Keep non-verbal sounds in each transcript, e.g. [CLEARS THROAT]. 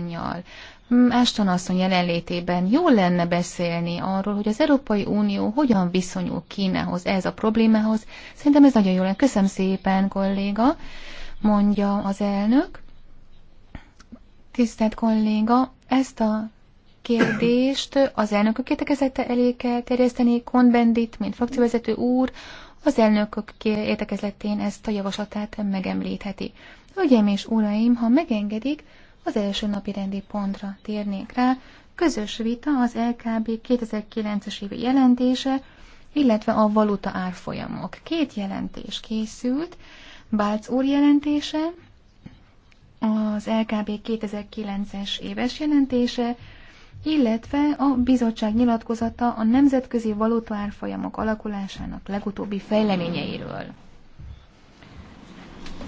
kormányjal, mm, Ashton asszony jelenlétében jól lenne beszélni arról, hogy az Európai Unió hogyan viszonyul Kínához, ez a problémához. Szerintem ez nagyon jó lenne. Köszönöm szépen, kolléga, mondja az elnök. Tisztelt kolléga, ezt a kérdést az elnökök értekezete elé kell terjeszteni, Konbendit, mint frakcióvezető úr, az elnökök értekezletén ezt a javaslatát megemlítheti. Hölgyeim és uraim, ha megengedik, az első napi rendi pontra térnék rá, közös vita az LKB 2009-es évi jelentése, illetve a valuta árfolyamok. Két jelentés készült, Bálc úr jelentése, az LKB 2009-es éves jelentése, illetve a bizottság nyilatkozata a nemzetközi valutaárfolyamok alakulásának legutóbbi fejleményeiről.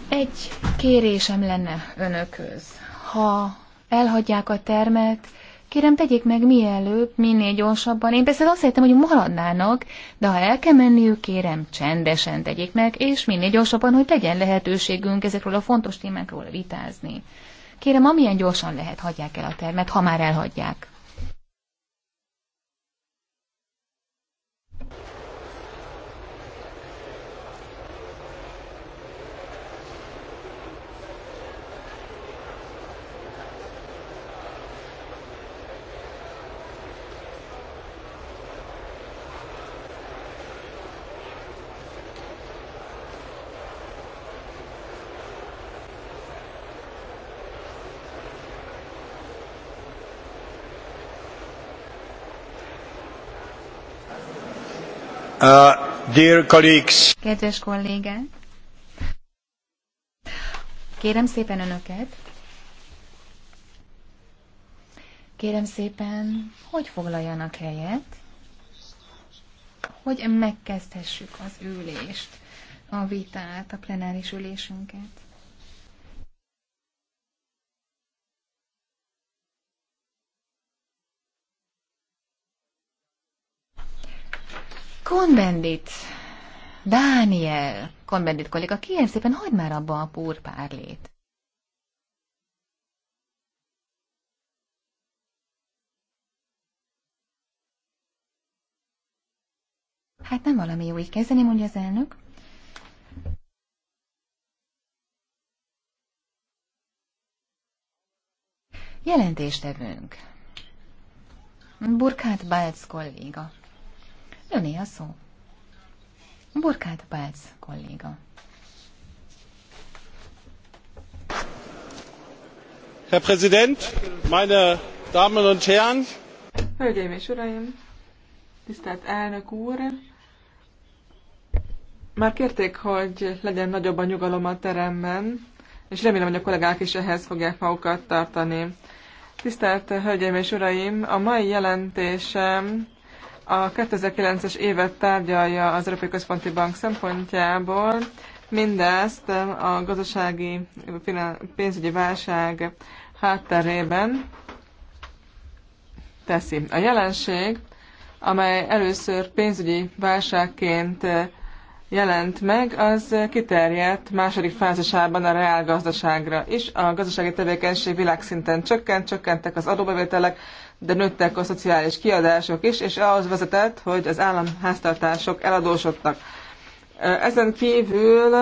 Egy kérésem lenne önökhöz ha elhagyják a termet, kérem tegyék meg mielőbb, minél gyorsabban. Én persze azt hittem, hogy maradnának, de ha el kell menniük, kérem csendesen tegyék meg, és minél gyorsabban, hogy legyen lehetőségünk ezekről a fontos témákról vitázni. Kérem, amilyen gyorsan lehet, hagyják el a termet, ha már elhagyják. Uh, dear colleagues. Kedves kollégák! Kérem szépen önöket! Kérem szépen, hogy foglaljanak helyet, hogy megkezdhessük az ülést, a vitát, a plenáris ülésünket. Konbendit, Dániel, Konbendit kolléga, kérem szépen, hagyd már abba a púrpárlét. Hát nem valami jó így kezdeni, mondja az elnök. Jelentéstevőnk. Burkhard Balc kolléga. Öné a szó. Burkát Pálc kolléga. Herr Präsident, meine Damen und Herren! Hölgyeim és Uraim! Tisztelt elnök úr! Már kérték, hogy legyen nagyobb a nyugalom a teremben, és remélem, hogy a kollégák is ehhez fogják magukat tartani. Tisztelt Hölgyeim és Uraim! A mai jelentésem a 2009-es évet tárgyalja az Európai Központi Bank szempontjából. Mindezt a gazdasági pénzügyi válság hátterében teszi. A jelenség, amely először pénzügyi válságként jelent meg, az kiterjedt második fázisában a reálgazdaságra is. A gazdasági tevékenység világszinten csökkent, csökkentek az adóbevételek, de nőttek a szociális kiadások is, és ahhoz vezetett, hogy az államháztartások eladósodtak. Ezen kívül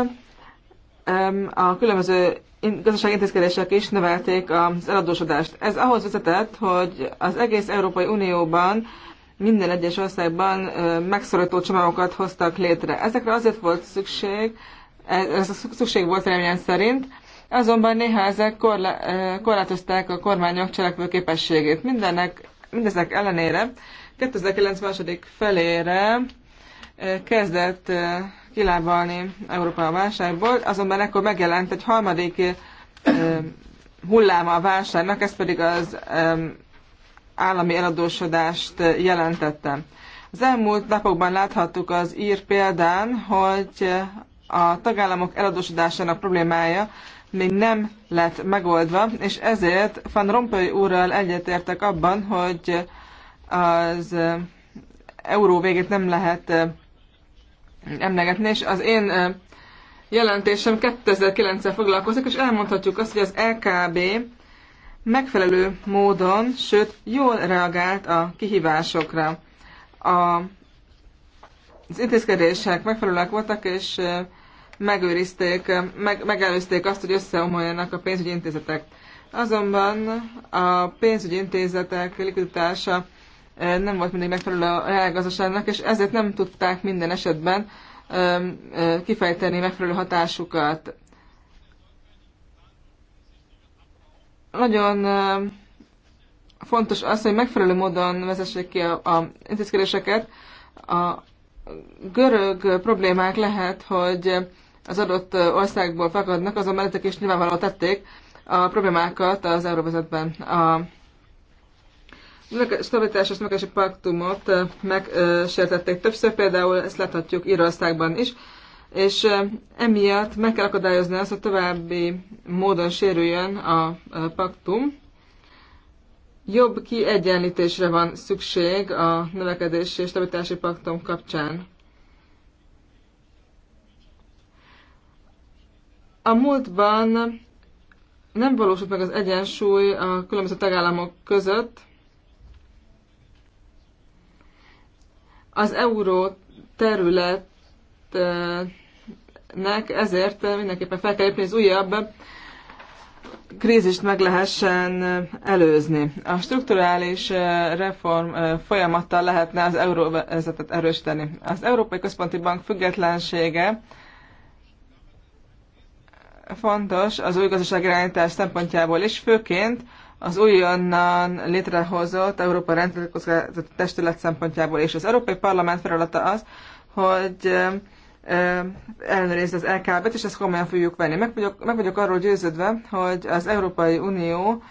a különböző gazdasági intézkedések is növelték az eladósodást. Ez ahhoz vezetett, hogy az egész Európai Unióban minden egyes országban megszorító csomagokat hoztak létre. Ezekre azért volt szükség, e, ez a szükség volt remélem szerint, azonban néha ezek korla, korlátozták a kormányok cselekvőképességét. Mindennek, mindezek ellenére 2009 második felére kezdett kilábalni Európa a válságból, azonban ekkor megjelent egy harmadik hulláma a válságnak, ez pedig az állami eladósodást jelentette. Az elmúlt napokban láthattuk az ír példán, hogy a tagállamok eladósodásának problémája még nem lett megoldva, és ezért Van Rompuy úrral egyetértek abban, hogy az euró végét nem lehet emlegetni, és az én jelentésem 2009-el foglalkozik, és elmondhatjuk azt, hogy az LKB megfelelő módon, sőt jól reagált a kihívásokra. A, az intézkedések megfelelőek voltak, és megőrizték, meg, megelőzték azt, hogy összeomoljanak a pénzügyi intézetek. Azonban a pénzügyi intézetek likviditása nem volt mindig megfelelő a reálgazdaságnak, és ezért nem tudták minden esetben kifejteni megfelelő hatásukat. Nagyon fontos az, hogy megfelelő módon vezessék ki a, intézkedéseket. A görög problémák lehet, hogy az adott országból fakadnak, azon mellettek is nyilvánvalóan tették a problémákat az euróvezetben. A stabilitás és megkesési paktumot megsértették többször, például ezt láthatjuk Írországban is és emiatt meg kell akadályozni azt, hogy további módon sérüljön a paktum. Jobb kiegyenlítésre van szükség a növekedési és stabilitási paktum kapcsán. A múltban nem valósult meg az egyensúly a különböző tagállamok között. Az euró terület nek, ezért mindenképpen fel kell lépni az újabb krízist meg lehessen előzni. A strukturális eh, reform eh, folyamattal lehetne az euróvezetet erősíteni. Az Európai Központi Bank függetlensége fontos az új gazdaságirányítás szempontjából is, főként az újonnan létrehozott Európa Rendszerkockázati Testület szempontjából és az Európai Parlament feladata az, hogy eh, ellenőrizni az LKB-t, és ezt komolyan fogjuk venni. Meg vagyok, meg vagyok arról győződve, hogy az Európai Unió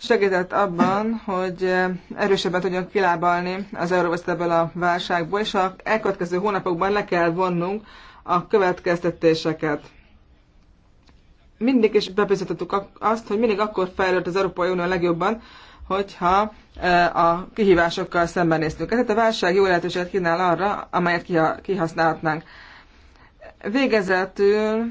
segített abban, hogy erősebben tudjon kilábalni az ebből a válságból, és a elkövetkező hónapokban le kell vonnunk a következtetéseket. Mindig is bebizonyítottuk azt, hogy mindig akkor fejlődött az Európai Unió legjobban, hogyha a kihívásokkal szembenéztünk. Tehát a válság jó lehetőséget kínál arra, amelyet kihasználhatnánk. Végezetül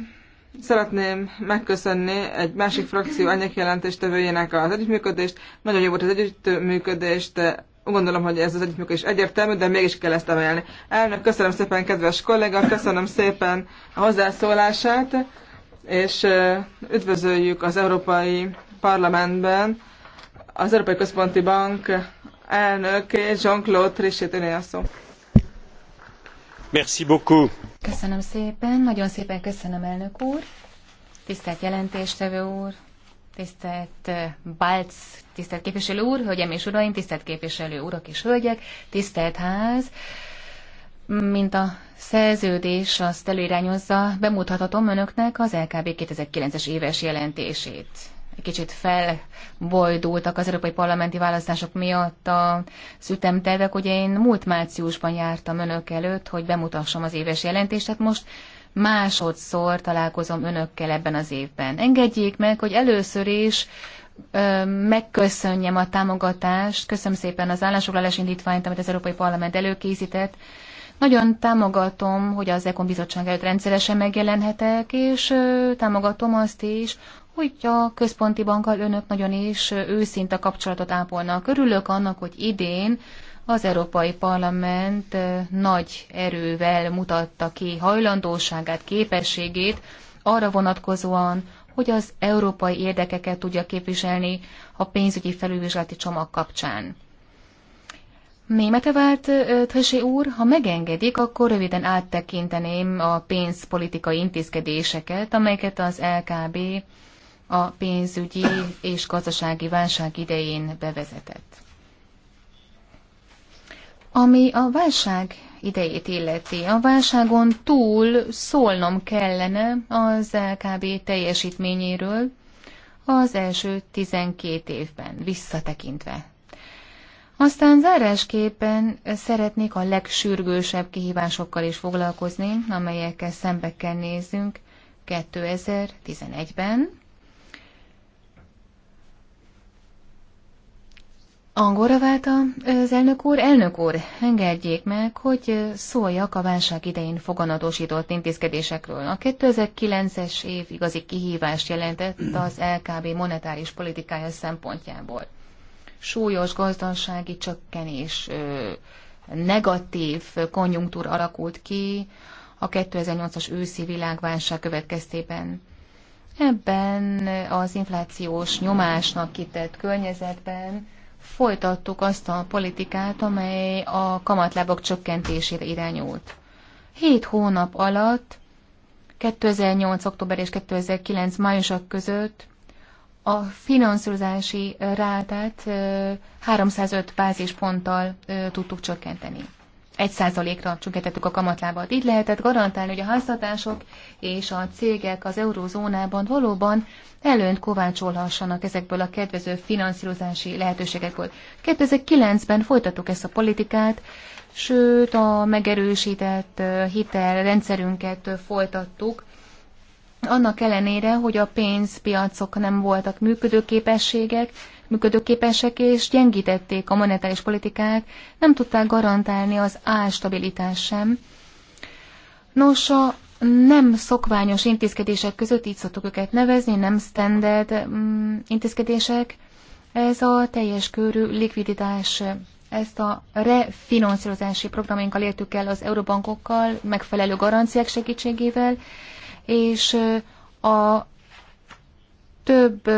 szeretném megköszönni egy másik frakció anyag jelentéstevőjének az együttműködést. Nagyon jó volt az együttműködést, gondolom, hogy ez az együttműködés egyértelmű, de mégis kell ezt emelni. Elnök, köszönöm szépen, kedves kollega, köszönöm szépen a hozzászólását, és üdvözöljük az Európai Parlamentben az Európai Központi Bank elnökét, Jean-Claude Trichet, a szó. Merci beaucoup. Köszönöm szépen, nagyon szépen köszönöm, elnök úr. Tisztelt jelentéstevő úr, tisztelt Balc, tisztelt képviselő úr, hölgyem és uraim, tisztelt képviselő urak és hölgyek, tisztelt ház. Mint a szerződés azt előirányozza, bemutathatom önöknek az LKB 2009-es éves jelentését egy kicsit felbojdultak az európai parlamenti választások miatt a ütemtervek. Ugye én múlt márciusban jártam önök előtt, hogy bemutassam az éves jelentést, hát most másodszor találkozom önökkel ebben az évben. Engedjék meg, hogy először is megköszönjem a támogatást, köszönöm szépen az állásfoglalás indítványt, amit az Európai Parlament előkészített. Nagyon támogatom, hogy az Ekon Bizottság előtt rendszeresen megjelenhetek, és támogatom azt is, hogy a központi bankkal önök nagyon is őszinte kapcsolatot ápolnak. Örülök annak, hogy idén az Európai Parlament eh, nagy erővel mutatta ki hajlandóságát, képességét arra vonatkozóan, hogy az európai érdekeket tudja képviselni a pénzügyi felülvizsgálati csomag kapcsán. Némete vált eh, Tösi úr, ha megengedik, akkor röviden áttekinteném a pénzpolitikai intézkedéseket, amelyeket az LKB a pénzügyi és gazdasági válság idején bevezetett. Ami a válság idejét illeti, a válságon túl szólnom kellene az LKB teljesítményéről az első 12 évben visszatekintve. Aztán zárásképpen szeretnék a legsürgősebb kihívásokkal is foglalkozni, amelyekkel szembe kell néznünk 2011-ben, Angolra vált az elnök úr. Elnök úr, engedjék meg, hogy szóljak a válság idején foganatosított intézkedésekről. A 2009-es év igazi kihívást jelentett az LKB monetáris politikája szempontjából. Súlyos gazdasági csökkenés, negatív konjunktúr alakult ki a 2008-as őszi világválság következtében. Ebben az inflációs nyomásnak kitett környezetben folytattuk azt a politikát, amely a kamatlábok csökkentésére irányult. Hét hónap alatt, 2008. október és 2009. májusak között a finanszírozási rátát 305 bázisponttal tudtuk csökkenteni egy százalékra csökkentettük a kamatlábat. Így lehetett garantálni, hogy a háztartások és a cégek az eurózónában valóban előnt kovácsolhassanak ezekből a kedvező finanszírozási lehetőségekből. 2009-ben folytattuk ezt a politikát, sőt a megerősített hitelrendszerünket folytattuk, annak ellenére, hogy a pénzpiacok nem voltak működőképességek, működőképesek, és gyengítették a monetáris politikát nem tudták garantálni az álstabilitás sem. Nos, a nem szokványos intézkedések között, így szoktuk őket nevezni, nem standard mm, intézkedések, ez a teljes körű likviditás ezt a refinanszírozási programjainkkal értük el az eurobankokkal, megfelelő garanciák segítségével, és a több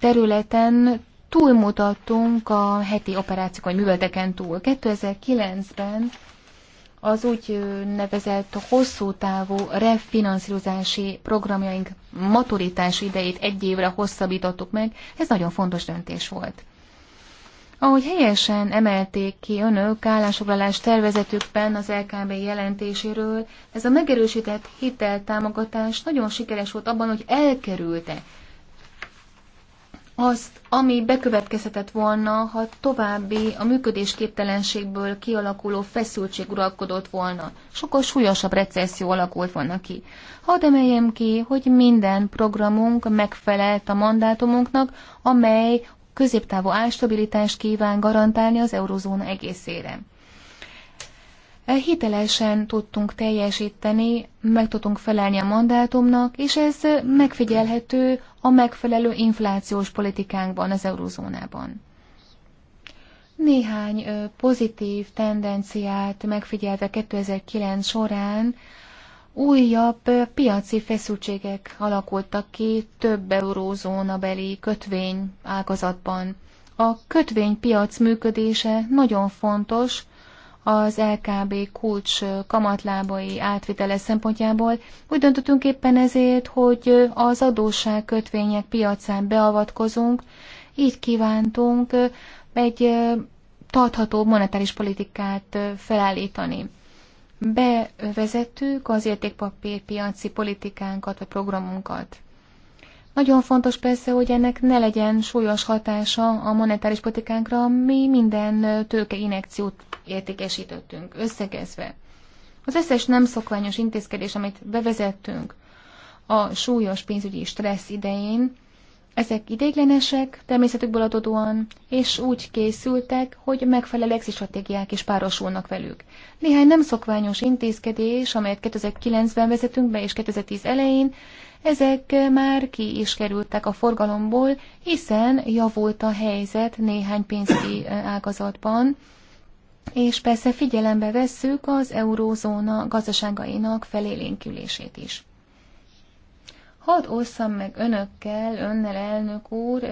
területen túlmutattunk a heti vagy műveleteken túl. 2009-ben az úgy nevezett hosszú távú refinanszírozási programjaink maturitás idejét egy évre hosszabbítottuk meg, ez nagyon fontos döntés volt. Ahogy helyesen emelték ki önök állásfoglalás tervezetükben az LKB jelentéséről, ez a megerősített hiteltámogatás nagyon sikeres volt abban, hogy elkerülte azt, ami bekövetkezhetett volna, ha további a működésképtelenségből kialakuló feszültség uralkodott volna. Sokkal súlyosabb recesszió alakult volna ki. Hadd emeljem ki, hogy minden programunk megfelelt a mandátumunknak, amely középtávú álstabilitást kíván garantálni az eurozóna egészére hitelesen tudtunk teljesíteni, meg tudtunk felelni a mandátumnak, és ez megfigyelhető a megfelelő inflációs politikánkban az eurozónában. Néhány pozitív tendenciát megfigyelve 2009 során újabb piaci feszültségek alakultak ki több eurózóna beli kötvény ágazatban. A kötvénypiac működése nagyon fontos, az LKB kulcs kamatlábai átvitele szempontjából. Úgy döntöttünk éppen ezért, hogy az adósság kötvények piacán beavatkozunk, így kívántunk egy tartható monetáris politikát felállítani. Bevezettük az értékpapírpiaci politikánkat vagy programunkat. Nagyon fontos persze, hogy ennek ne legyen súlyos hatása a monetáris politikánkra, mi minden inekciót értékesítettünk, összegezve. Az összes nem szokványos intézkedés, amit bevezettünk a súlyos pénzügyi stressz idején, ezek ideiglenesek, természetükből adódóan, és úgy készültek, hogy megfelelő exit stratégiák is párosulnak velük. Néhány nem szokványos intézkedés, amelyet 2009-ben vezetünk be és 2010 elején, ezek már ki is kerültek a forgalomból, hiszen javult a helyzet néhány pénzügyi ágazatban, és persze figyelembe vesszük az eurózóna gazdaságainak felélénkülését is. Hadd osszam meg önökkel, önnel elnök úr,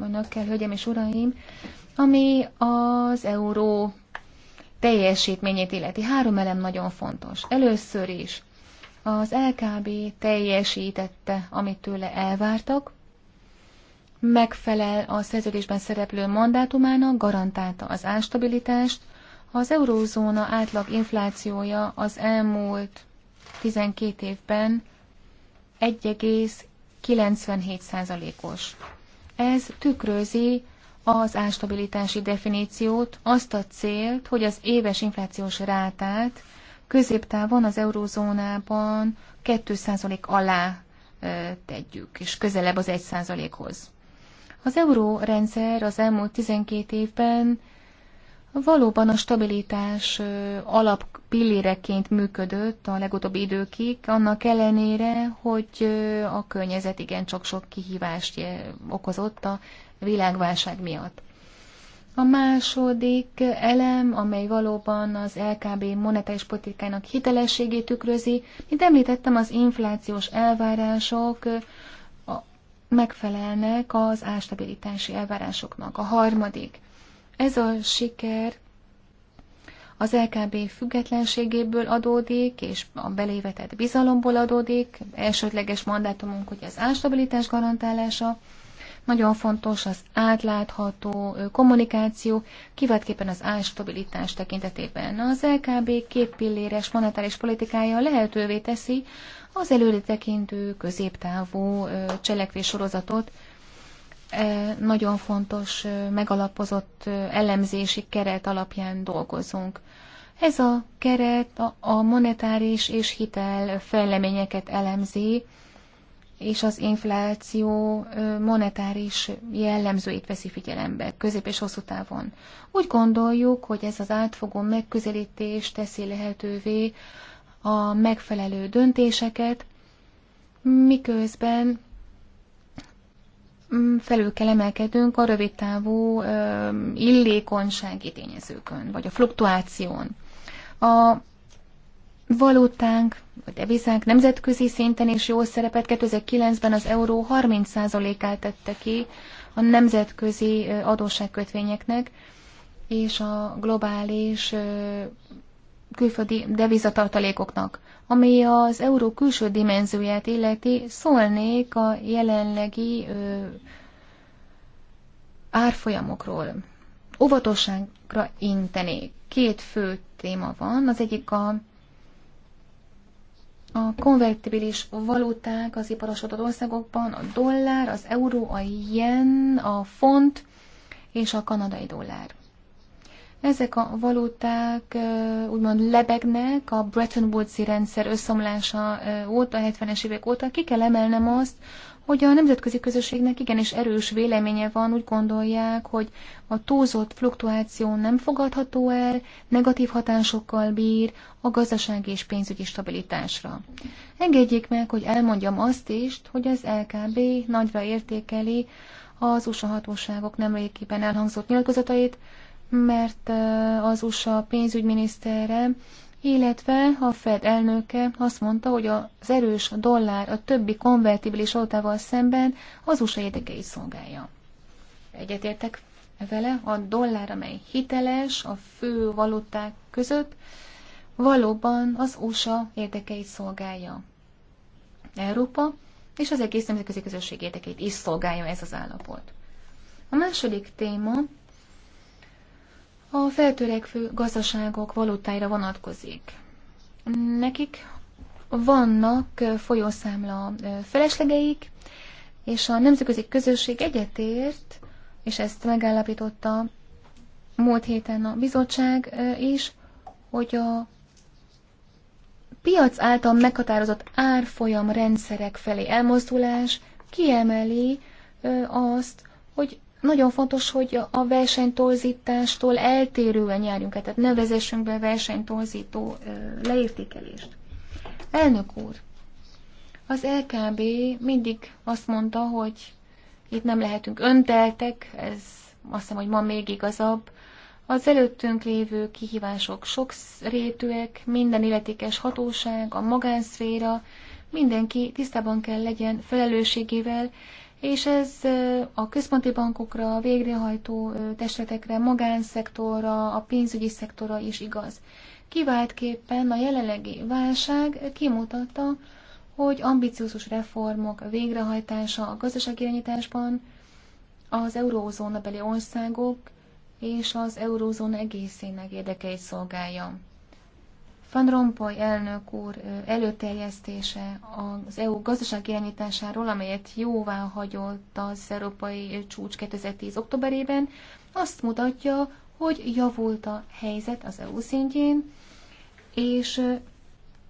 önökkel, hölgyem és uraim, ami az euró teljesítményét illeti. Három elem nagyon fontos. Először is az LKB teljesítette, amit tőle elvártak, megfelel a szerződésben szereplő mandátumának, garantálta az ástabilitást, az eurózóna átlag inflációja az elmúlt 12 évben 1,97%-os. Ez tükrözi az ástabilitási definíciót, azt a célt, hogy az éves inflációs rátát középtávon az eurózónában 2% alá tegyük, és közelebb az 1%-hoz. Az eurórendszer az elmúlt 12 évben valóban a stabilitás alap pilléreként működött a legutóbbi időkig, annak ellenére, hogy a környezet igen csak sok kihívást okozott a világválság miatt. A második elem, amely valóban az LKB monetáris politikának hitelességét tükrözi, mint említettem, az inflációs elvárások megfelelnek az ástabilitási elvárásoknak. A harmadik, ez a siker az LKB függetlenségéből adódik, és a belévetett bizalomból adódik, elsődleges mandátumunk hogy az ástabilitás garantálása, nagyon fontos az átlátható kommunikáció, kivetképpen az árstabilitás tekintetében. Az LKB pilléres monetáris politikája lehetővé teszi az előre tekintő középtávú cselekvés sorozatot, nagyon fontos, megalapozott elemzési keret alapján dolgozunk. Ez a keret a monetáris és hitel fejleményeket elemzi, és az infláció monetáris jellemzőit veszi figyelembe közép és hosszú távon. Úgy gondoljuk, hogy ez az átfogó megközelítés teszi lehetővé a megfelelő döntéseket, miközben mm, felül kell emelkedünk a távú illékonysági tényezőkön, vagy a fluktuáción. A valutánk, a devizánk nemzetközi szinten is jó szerepet 2009-ben az euró 30%-át tette ki a nemzetközi adósságkötvényeknek, és a globális külföldi devizatartalékoknak. Ami az euró külső dimenzióját illeti, szólnék a jelenlegi ö, árfolyamokról. Óvatosságra intenék. Két fő téma van, az egyik a a konvertibilis valuták az iparosodott országokban a dollár, az euró, a yen, a font és a kanadai dollár. Ezek a valuták úgymond lebegnek a Bretton Woods-i rendszer összomlása óta, 70-es évek óta. Ki kell emelnem azt, hogy a nemzetközi közösségnek igenis erős véleménye van, úgy gondolják, hogy a túlzott fluktuáció nem fogadható el, negatív hatásokkal bír a gazdasági és pénzügyi stabilitásra. Engedjék meg, hogy elmondjam azt is, hogy az LKB nagyra értékeli az USA hatóságok nemrégiben elhangzott nyilatkozatait, mert az USA pénzügyminisztere illetve a Fed elnöke azt mondta, hogy az erős dollár a többi konvertibilis oltával szemben az USA érdekeit szolgálja. Egyetértek vele, a dollár, amely hiteles a fő valuták között, valóban az USA érdekeit szolgálja. Európa és az egész nemzetközi közösség érdekeit is szolgálja ez az állapot. A második téma a feltörekvő gazdaságok valutáira vonatkozik. Nekik vannak folyószámla feleslegeik, és a nemzetközi közösség egyetért, és ezt megállapította múlt héten a bizottság is, hogy a piac által meghatározott árfolyam rendszerek felé elmozdulás kiemeli azt, hogy nagyon fontos, hogy a versenytorzítástól eltérően járjunk el, tehát ne vezessünk be versenytorzító leértékelést. Elnök úr, az LKB mindig azt mondta, hogy itt nem lehetünk önteltek, ez azt hiszem, hogy ma még igazabb. Az előttünk lévő kihívások sok rétűek, minden illetékes hatóság, a magánszféra, mindenki tisztában kell legyen felelősségével, és ez a központi bankokra, a végrehajtó testületekre, magánszektorra, a pénzügyi szektorra is igaz. Kiváltképpen a jelenlegi válság kimutatta, hogy ambiciózus reformok végrehajtása a gazdaságirányításban az eurózóna beli országok és az eurózóna egészének érdekeit szolgálja. Van Rompuy elnök úr előterjesztése az EU gazdasági irányításáról, amelyet jóvá hagyott az Európai Csúcs 2010. októberében, azt mutatja, hogy javult a helyzet az EU szintjén, és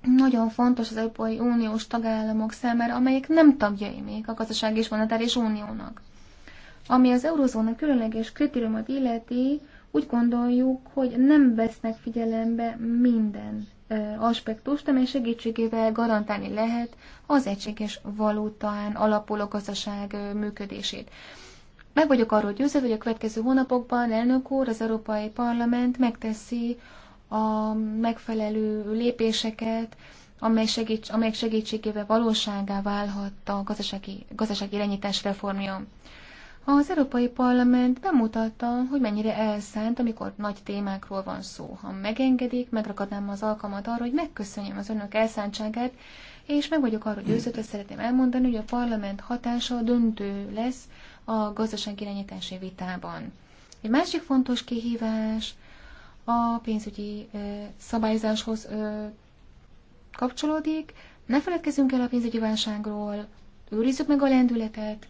nagyon fontos az Európai Uniós tagállamok számára, amelyek nem tagjai még a gazdasági és monetáris uniónak. Ami az eurozóna különleges kritériumot illeti, úgy gondoljuk, hogy nem vesznek figyelembe minden aspektust, amely segítségével garantálni lehet az egységes valótán alapuló gazdaság működését. Meg vagyok arról győző, hogy a következő hónapokban elnök úr, az Európai Parlament megteszi a megfelelő lépéseket, amely segíts, amely segítségével valóságá válhat a gazdasági, gazdasági irányítás reformja. Az Európai Parlament bemutatta, hogy mennyire elszánt, amikor nagy témákról van szó. Ha megengedik, megragadnám az alkalmat arra, hogy megköszönjem az önök elszántságát, és meg vagyok arra győződve, szeretném elmondani, hogy a parlament hatása döntő lesz a gazdaság irányítási vitában. Egy másik fontos kihívás a pénzügyi szabályzáshoz kapcsolódik. Ne feledkezzünk el a pénzügyi válságról, őrizzük meg a lendületet,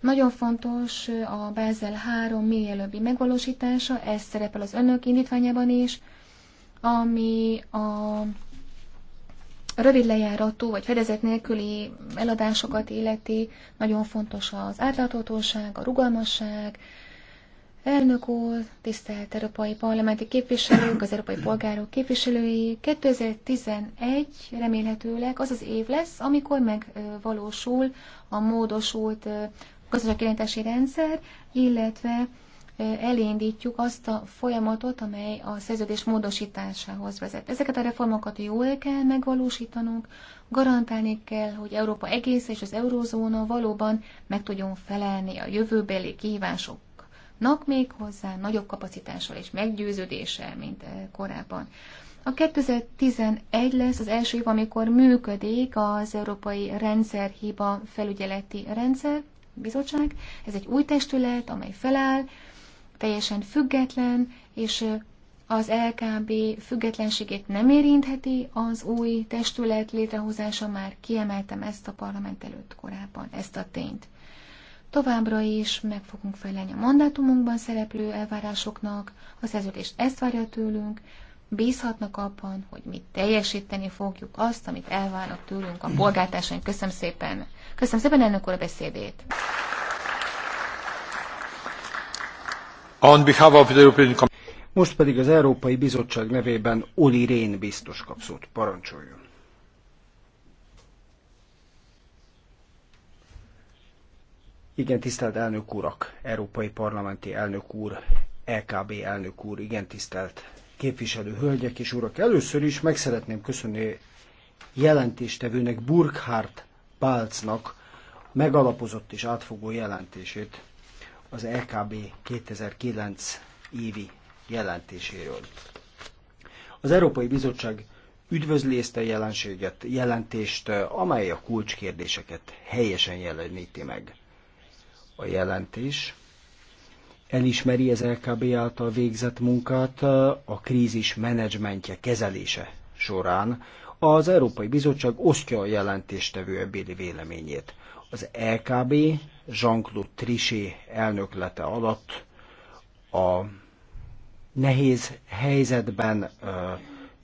nagyon fontos a Bázel 3 mielőbbi megvalósítása, ez szerepel az önök indítványában is, ami a rövid lejáratú vagy fedezet nélküli eladásokat illeti, nagyon fontos az átláthatóság, a rugalmasság, Elnök úr, tisztelt Európai Parlamenti képviselők, az Európai Polgárok képviselői, 2011 remélhetőleg az az év lesz, amikor megvalósul a módosult gazdaságirányítási rendszer, illetve elindítjuk azt a folyamatot, amely a szerződés módosításához vezet. Ezeket a reformokat jól kell megvalósítanunk, garantálni kell, hogy Európa egész és az eurózóna valóban meg tudjon felelni a jövőbeli kihívásoknak még hozzá nagyobb kapacitással és meggyőződéssel, mint korábban. A 2011 lesz az első év, amikor működik az Európai Rendszerhiba felügyeleti rendszer, bizottság. Ez egy új testület, amely feláll, teljesen független, és az LKB függetlenségét nem érintheti az új testület létrehozása, már kiemeltem ezt a parlament előtt korábban, ezt a tényt. Továbbra is meg fogunk felelni a mandátumunkban szereplő elvárásoknak, a szerződést ezt várja tőlünk, bízhatnak abban, hogy mi teljesíteni fogjuk azt, amit elvárnak tőlünk a polgártársaink. Köszönöm szépen. Köszönöm szépen elnök úr a beszédét. most pedig az Európai Bizottság nevében Oli Rén biztos kapszót parancsoljon. Igen, tisztelt elnök urak, Európai Parlamenti elnök úr, LKB elnök úr, igen, tisztelt képviselő hölgyek és urak! Először is meg szeretném köszönni jelentéstevőnek Burkhardt Pálcnak megalapozott és átfogó jelentését az LKB e 2009 évi jelentéséről. Az Európai Bizottság üdvözli ezt a jelenséget, jelentést, amely a kulcskérdéseket helyesen jeleníti meg. A jelentés elismeri az LKB által végzett munkát a krízis menedzsmentje kezelése során, az Európai Bizottság osztja a jelentéstevő ebédi véleményét. Az LKB Jean-Claude Trichet elnöklete alatt a nehéz helyzetben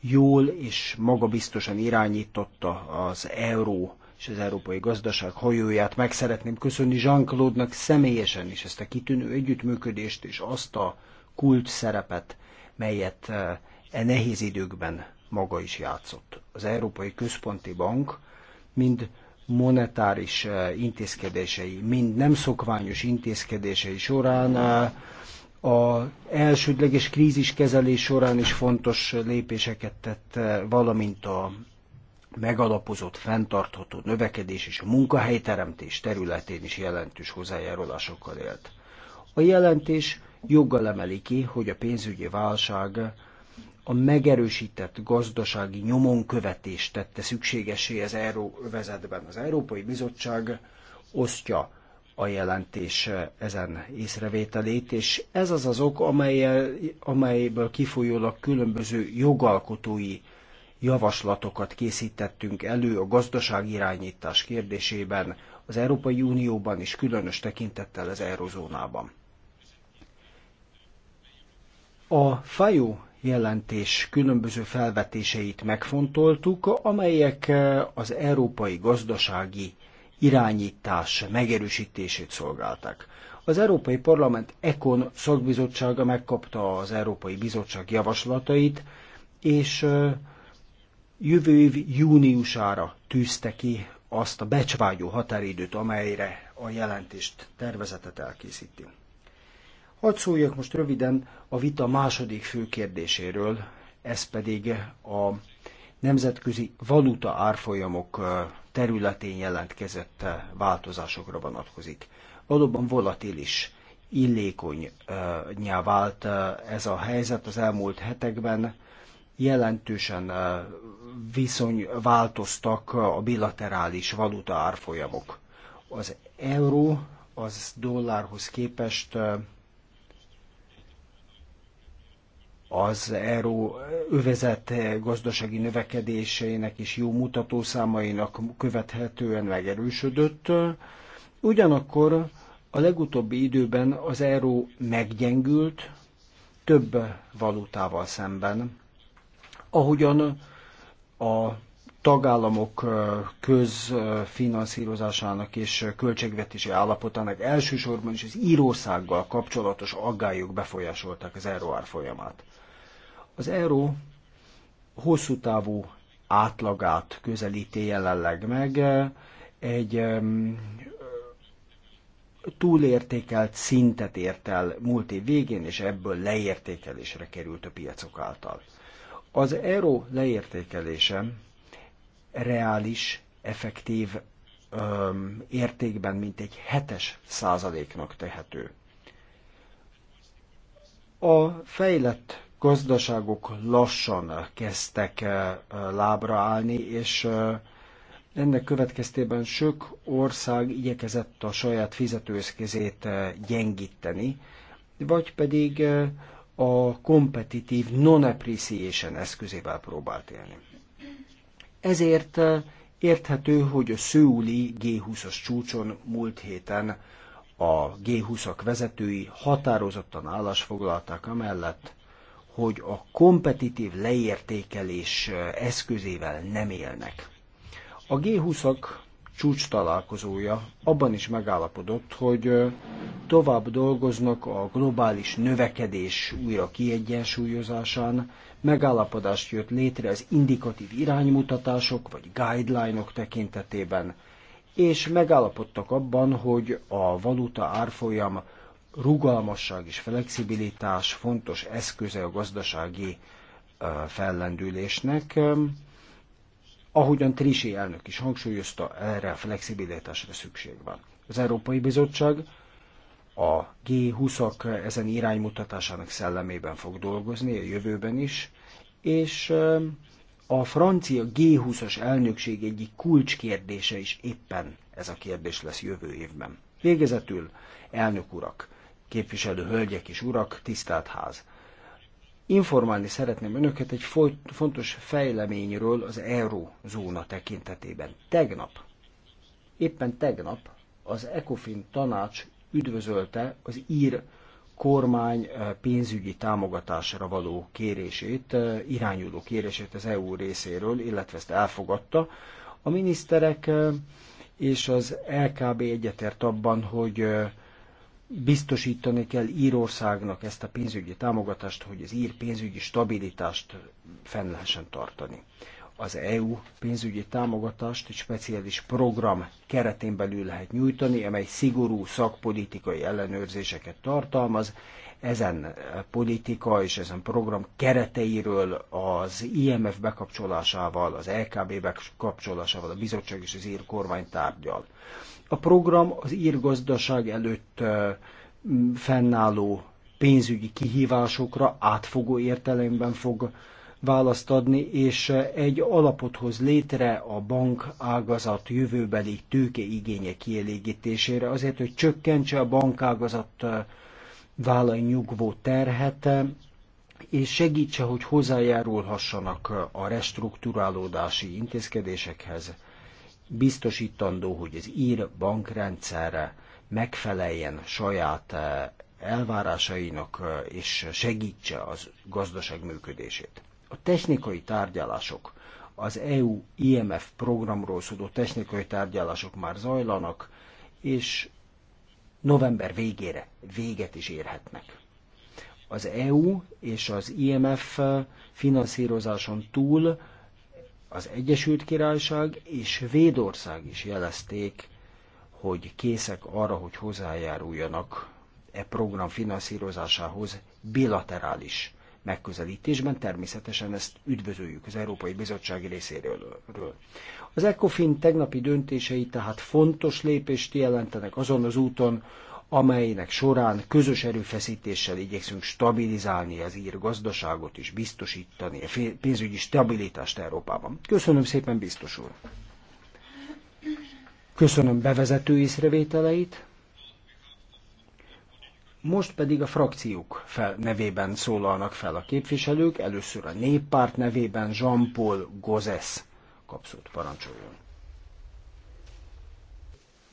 jól és magabiztosan irányította az euró és az európai gazdaság hajóját meg szeretném köszönni Jean-Claude-nak személyesen is ezt a kitűnő együttműködést és azt a kult szerepet, melyet eh, e nehéz időkben maga is játszott. Az Európai Központi Bank mind monetáris eh, intézkedései, mind nem szokványos intézkedései során eh, a elsődleges kríziskezelés során is fontos lépéseket tett, valamint a megalapozott, fenntartható növekedés és a munkahelyteremtés területén is jelentős hozzájárulásokkal élt. A jelentés joggal emeli ki, hogy a pénzügyi válság a megerősített gazdasági nyomonkövetést tette szükségesé az Euróvezetben. Az Európai Bizottság osztja a jelentés ezen észrevételét, és ez az az ok, amelyel, amelyből kifolyólag különböző jogalkotói javaslatokat készítettünk elő a irányítás kérdésében az Európai Unióban és különös tekintettel az eurozónában. A FAJO jelentés különböző felvetéseit megfontoltuk, amelyek az európai gazdasági irányítás megerősítését szolgálták. Az Európai Parlament Ekon szakbizottsága megkapta az Európai Bizottság javaslatait, és jövő év júniusára tűzte ki azt a becsvágyó határidőt, amelyre a jelentést tervezetet elkészíti. Hadd szóljak most röviden a vita második fő kérdéséről, ez pedig a nemzetközi valuta árfolyamok területén jelentkezett változásokra vonatkozik. Valóban volatilis, illékonyá vált ez a helyzet az elmúlt hetekben, jelentősen viszony változtak a bilaterális valuta árfolyamok. Az euró az dollárhoz képest az euró övezet gazdasági növekedésének és jó mutatószámainak követhetően megerősödött. Ugyanakkor a legutóbbi időben az euró meggyengült több valutával szemben. Ahogyan a tagállamok közfinanszírozásának és költségvetési állapotának elsősorban is az írósággal kapcsolatos aggályok befolyásolták az euró árfolyamát. Az euró hosszú távú átlagát közelíti jelenleg meg, egy túlértékelt szintet ért el múlt év végén, és ebből leértékelésre került a piacok által. Az ero leértékelése reális, effektív öm, értékben mintegy 7-es százaléknak tehető. A fejlett gazdaságok lassan kezdtek lábra állni, és ennek következtében sok ország igyekezett a saját fizetőszkezét gyengíteni, vagy pedig a kompetitív non-appreciation eszközével próbált élni. Ezért eh, érthető, hogy a szőuli G20-as csúcson múlt héten a G20-ak vezetői határozottan állásfoglalták amellett, hogy a kompetitív leértékelés eh, eszközével nem élnek. A G20-ak csúcs találkozója abban is megállapodott, hogy tovább dolgoznak a globális növekedés újra kiegyensúlyozásán, megállapodást jött létre az indikatív iránymutatások vagy guideline-ok -ok tekintetében, és megállapodtak abban, hogy a valuta árfolyam rugalmasság és flexibilitás fontos eszköze a gazdasági fellendülésnek, Ahogyan Trisi elnök is hangsúlyozta, erre a flexibilitásra szükség van. Az Európai Bizottság a G20-ak ezen iránymutatásának szellemében fog dolgozni a jövőben is, és a francia G20-as elnökség egyik kulcskérdése is éppen ez a kérdés lesz jövő évben. Végezetül, elnök urak, képviselő hölgyek és urak, tisztelt ház! Informálni szeretném önöket egy fontos fejleményről az eurózóna tekintetében. Tegnap, éppen tegnap az ECOFIN tanács üdvözölte az ír kormány eh, pénzügyi támogatásra való kérését, eh, irányuló kérését az EU részéről, illetve ezt elfogadta. A miniszterek eh, és az LKB egyetért abban, hogy biztosítani kell Írországnak ezt a pénzügyi támogatást, hogy az ír pénzügyi stabilitást fenn lehessen tartani. Az EU pénzügyi támogatást egy speciális program keretén belül lehet nyújtani, amely szigorú szakpolitikai ellenőrzéseket tartalmaz. Ezen politika és ezen program kereteiről az IMF bekapcsolásával, az LKB e bekapcsolásával a bizottság és az ír kormány tárgyal. A program az írgazdaság előtt fennálló pénzügyi kihívásokra átfogó értelemben fog választ adni, és egy alapot hoz létre a bank ágazat jövőbeli tőkeigénye kielégítésére, azért, hogy csökkentse a bankágazat vállai nyugvó terhet, és segítse, hogy hozzájárulhassanak a restruktúrálódási intézkedésekhez, biztosítandó, hogy az ír bankrendszerre megfeleljen saját eh, elvárásainak, eh, és segítse az gazdaság működését. A technikai tárgyalások, az EU-IMF programról szóló technikai tárgyalások már zajlanak, és november végére véget is érhetnek. Az EU és az IMF eh, finanszírozáson túl az Egyesült Királyság és Védország is jelezték, hogy készek arra, hogy hozzájáruljanak e program finanszírozásához bilaterális megközelítésben, természetesen ezt üdvözöljük az Európai Bizottság részéről. Az ECOFIN tegnapi döntései tehát fontos lépést jelentenek azon az úton, amelynek során közös erőfeszítéssel igyekszünk stabilizálni az ír gazdaságot és biztosítani a pénzügyi stabilitást Európában. Köszönöm szépen, biztos úr! Köszönöm bevezető észrevételeit. Most pedig a frakciók fel, nevében szólalnak fel a képviselők. Először a néppárt nevében Jean-Paul Gozes kapszót parancsoljon.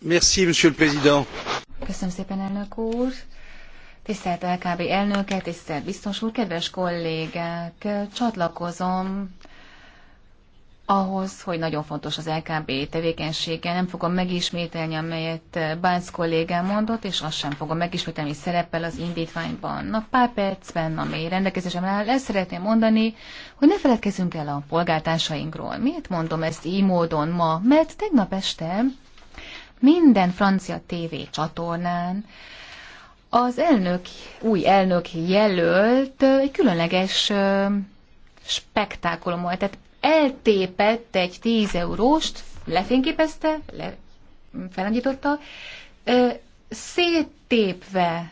Merci, Monsieur le Président. Köszönöm szépen, elnök úr. Tisztelt LKB elnöke, tisztelt biztos úr, kedves kollégák, csatlakozom ahhoz, hogy nagyon fontos az LKB tevékenysége. Nem fogom megismételni, amelyet Bánc kollégám mondott, és azt sem fogom megismételni, hogy szerepel az indítványban. Na, pár percben, ami rendelkezésem áll, ezt szeretném mondani, hogy ne feledkezzünk el a polgártársainkról. Miért mondom ezt így módon ma? Mert tegnap este minden francia TV csatornán az elnök, új elnök jelölt egy különleges spektákulum volt. Tehát eltépett egy 10 euróst, lefényképezte, le, felnagyította, széttépve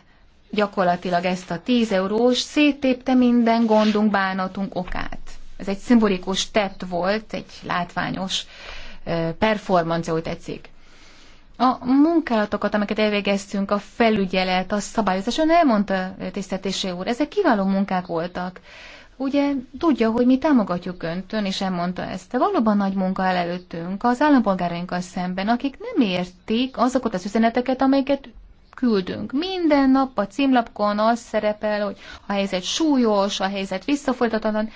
gyakorlatilag ezt a 10 eurós, széttépte minden gondunk, bánatunk okát. Ez egy szimbolikus tett volt, egy látványos performance, ahogy tetszik. A munkálatokat, amiket elvégeztünk, a felügyelet, a szabályozás, ön elmondta, tisztetésé úr, ezek kiváló munkák voltak. Ugye tudja, hogy mi támogatjuk önt, ön is elmondta ezt, de valóban nagy munka el előttünk az állampolgárainkkal szemben, akik nem értik azokat az üzeneteket, amelyeket küldünk. Minden nap a címlapkon az szerepel, hogy a helyzet súlyos, a helyzet visszafolytatlan.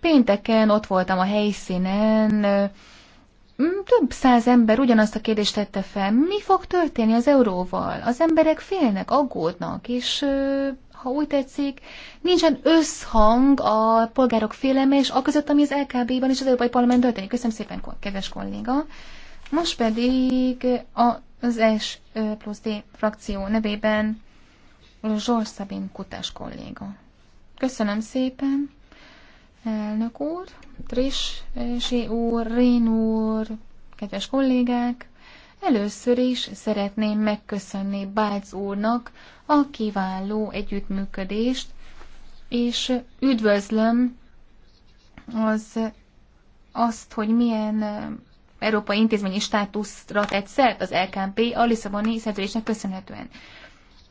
Pénteken ott voltam a helyszínen, Mm, több száz ember ugyanazt a kérdést tette fel, mi fog történni az euróval? Az emberek félnek, aggódnak, és ha úgy tetszik, nincsen összhang a polgárok félelme és a között, ami az LKB-ban és az Európai Parlament történik. Köszönöm szépen, kedves kolléga. Most pedig az S plusz D frakció nevében Zsorszabin Kutás kolléga. Köszönöm szépen. Elnök úr, Trisi úr, Rén úr, kedves kollégák! Először is szeretném megköszönni Bálc úrnak a kiváló együttműködést, és üdvözlöm az, azt, hogy milyen eh, európai intézményi státuszra tett szert az LKP a Lisszaboni szerződésnek köszönhetően.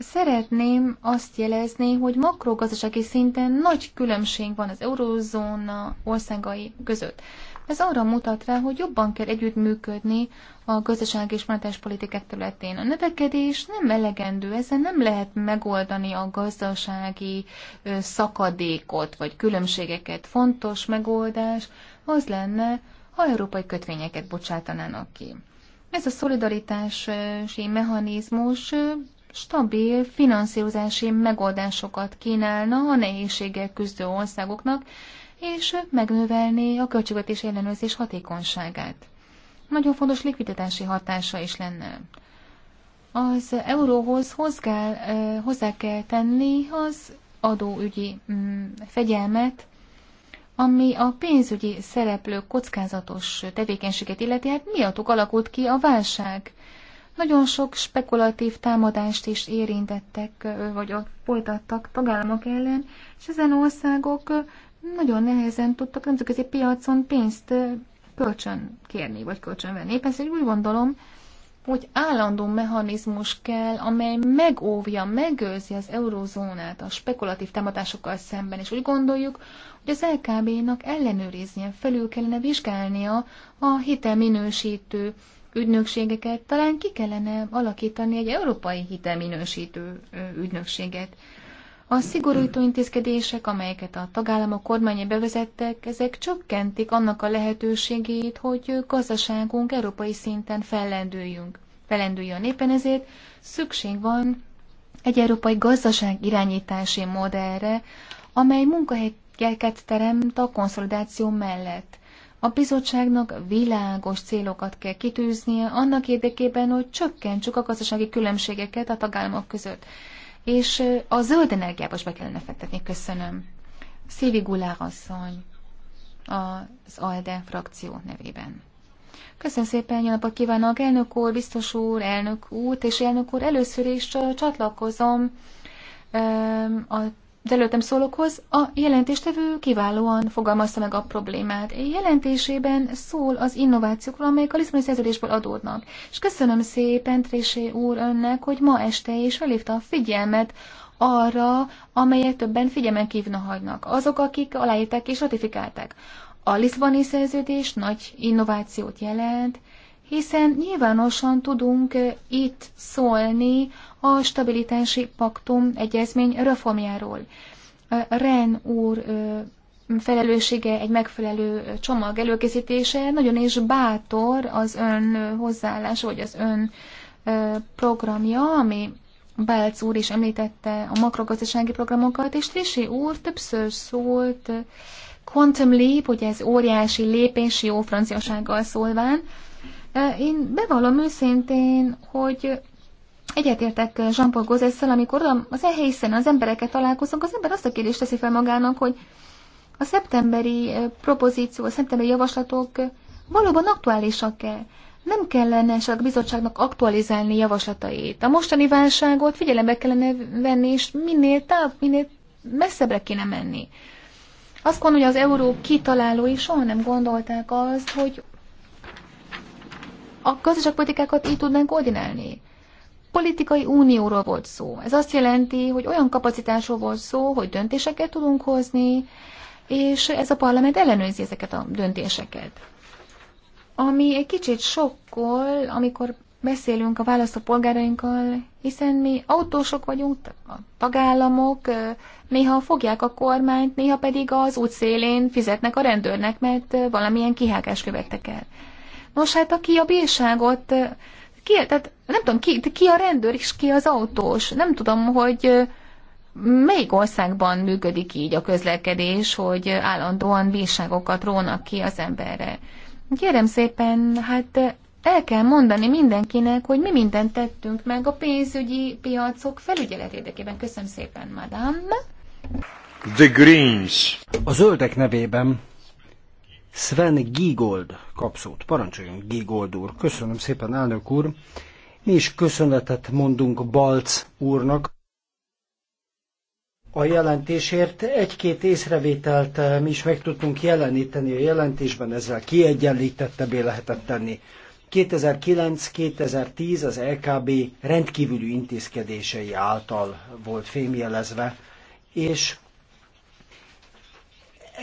Szeretném azt jelezni, hogy makrogazdasági szinten nagy különbség van az eurózóna országai között. Ez arra mutat rá, hogy jobban kell együttműködni a gazdaság és monetáris politikák területén. A növekedés nem elegendő, ezzel nem lehet megoldani a gazdasági szakadékot vagy különbségeket. Fontos megoldás az lenne, ha európai kötvényeket bocsátanának ki. Ez a szolidaritási mechanizmus stabil finanszírozási megoldásokat kínálna a nehézséggel küzdő országoknak, és megnövelné a költségvetés ellenőrzés hatékonyságát. Nagyon fontos likviditási hatása is lenne. Az euróhoz hozgál, hozzá kell tenni az adóügyi mm, fegyelmet, ami a pénzügyi szereplők kockázatos tevékenységet illeti, hát miattuk alakult ki a válság. Nagyon sok spekulatív támadást is érintettek, vagy folytattak tagállamok ellen, és ezen országok nagyon nehezen tudtak nemzetközi piacon pénzt kölcsön kérni, vagy kölcsön venni. Éppen ezért úgy gondolom, hogy állandó mechanizmus kell, amely megóvja, megőrzi az eurózónát a spekulatív támadásokkal szemben, és úgy gondoljuk, hogy az LKB-nak ellenőriznie, felül kellene vizsgálnia a hitelminősítő ügynökségeket, talán ki kellene alakítani egy európai hitelminősítő ügynökséget. A szigorító intézkedések, amelyeket a tagállamok kormánya bevezettek, ezek csökkentik annak a lehetőségét, hogy gazdaságunk európai szinten fellendüljünk. Fellendüljön éppen ezért szükség van egy európai gazdaság irányítási modellre, amely munkahelyeket teremt a konszolidáció mellett. A bizottságnak világos célokat kell kitűznie annak érdekében, hogy csökkentsük a gazdasági különbségeket a tagállamok között. És a zöld energiába is be kellene fektetni. Köszönöm. Szívi Gulár asszony az ALDE frakció nevében. Köszönöm szépen, jó napot kívánok, elnök úr, biztos úr, elnök úr, és elnök úr, először is csatlakozom a az előttem szólókhoz, a jelentéstevő kiválóan fogalmazta meg a problémát. Jelentésében szól az innovációkról, amelyek a Lisszaboni szerződésből adódnak. És köszönöm szépen Trésé úr önnek, hogy ma este is felhívta a figyelmet arra, amelyet többen figyelmen kívül hagynak. Azok, akik aláírták és ratifikálták. A Lisszaboni szerződés nagy innovációt jelent, hiszen nyilvánosan tudunk eh, itt szólni a stabilitási paktum egyezmény reformjáról. Ren úr eh, felelőssége egy megfelelő eh, csomag előkészítése nagyon is bátor az ön hozzáállása, vagy az ön programja, ami Bálc úr is említette a makrogazdasági programokat, és Trisi úr többször szólt Quantum Leap, ugye ez óriási lépés jó franciasággal szólván, én bevallom őszintén, hogy egyetértek Jean-Paul Gozesszel, amikor az e helyszínen az embereket találkozunk, az ember azt a kérdést teszi fel magának, hogy a szeptemberi propozíció, a szeptemberi javaslatok valóban aktuálisak-e? Nem kellene a bizottságnak aktualizálni javaslatait. A mostani válságot figyelembe kellene venni, és minél táv, minél messzebbre kéne menni. Azt gondolom, hogy az euró kitalálói soha nem gondolták azt, hogy a gazdaságpolitikákat így tudnánk koordinálni. Politikai unióról volt szó. Ez azt jelenti, hogy olyan kapacitásról volt szó, hogy döntéseket tudunk hozni, és ez a parlament ellenőrzi ezeket a döntéseket. Ami egy kicsit sokkol, amikor beszélünk a választó polgárainkkal, hiszen mi autósok vagyunk, a tagállamok, néha fogják a kormányt, néha pedig az útszélén fizetnek a rendőrnek, mert valamilyen kihágás követtek el. Nos, hát aki a bírságot, ki, tehát nem tudom, ki, ki a rendőr és ki az autós. Nem tudom, hogy melyik országban működik így a közlekedés, hogy állandóan bírságokat rónak ki az emberre. Kérem szépen, hát el kell mondani mindenkinek, hogy mi mindent tettünk meg a pénzügyi piacok felügyelet érdekében. Köszönöm szépen, madame. The Greens. A zöldek nevében Sven Gigold kapszót. Parancsoljon, Gigold úr. Köszönöm szépen, elnök úr. Mi is köszönetet mondunk Balc úrnak a jelentésért. Egy-két észrevételt eh, mi is meg tudtunk jeleníteni a jelentésben, ezzel kiegyenlítettebbé lehetett tenni. 2009-2010 az LKB rendkívüli intézkedései által volt fémjelezve, és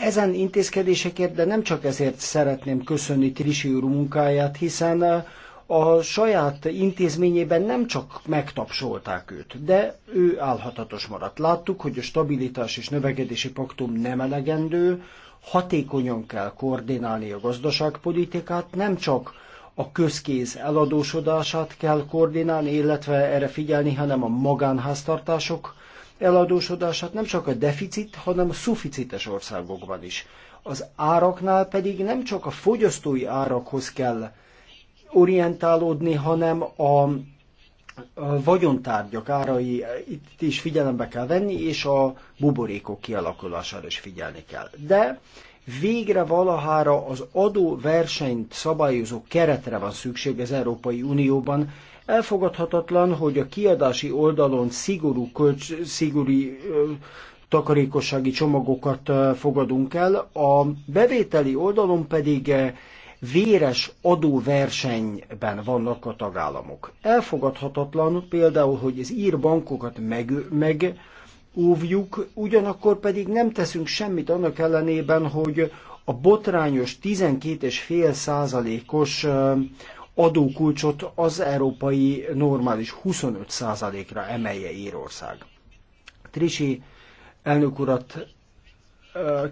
ezen intézkedéseket, de nem csak ezért szeretném köszönni Trisi úr munkáját, hiszen eh, a saját intézményében nem csak megtapsolták őt, de ő álhatatos maradt. Láttuk, hogy a stabilitás és növekedési paktum nem elegendő, hatékonyan kell koordinálni a gazdaságpolitikát, nem csak a közkéz eladósodását kell koordinálni, illetve erre figyelni, hanem a magánháztartások eladósodását nem csak a deficit, hanem a szuficites országokban is. Az áraknál pedig nem csak a fogyasztói árakhoz kell orientálódni, hanem a vagyontárgyak árai itt is figyelembe kell venni, és a buborékok kialakulására is figyelni kell. De végre valahára az adóversenyt szabályozó keretre van szükség az Európai Unióban, Elfogadhatatlan, hogy a kiadási oldalon szigorú, kölcs, szigorú takarékossági csomagokat fogadunk el, a bevételi oldalon pedig véres adóversenyben vannak a tagállamok. Elfogadhatatlan például, hogy az ír bankokat meg, meg óvjuk, ugyanakkor pedig nem teszünk semmit annak ellenében, hogy a botrányos 12,5 százalékos adókulcsot az európai normális 25%-ra emelje Írország. Trisi elnök urat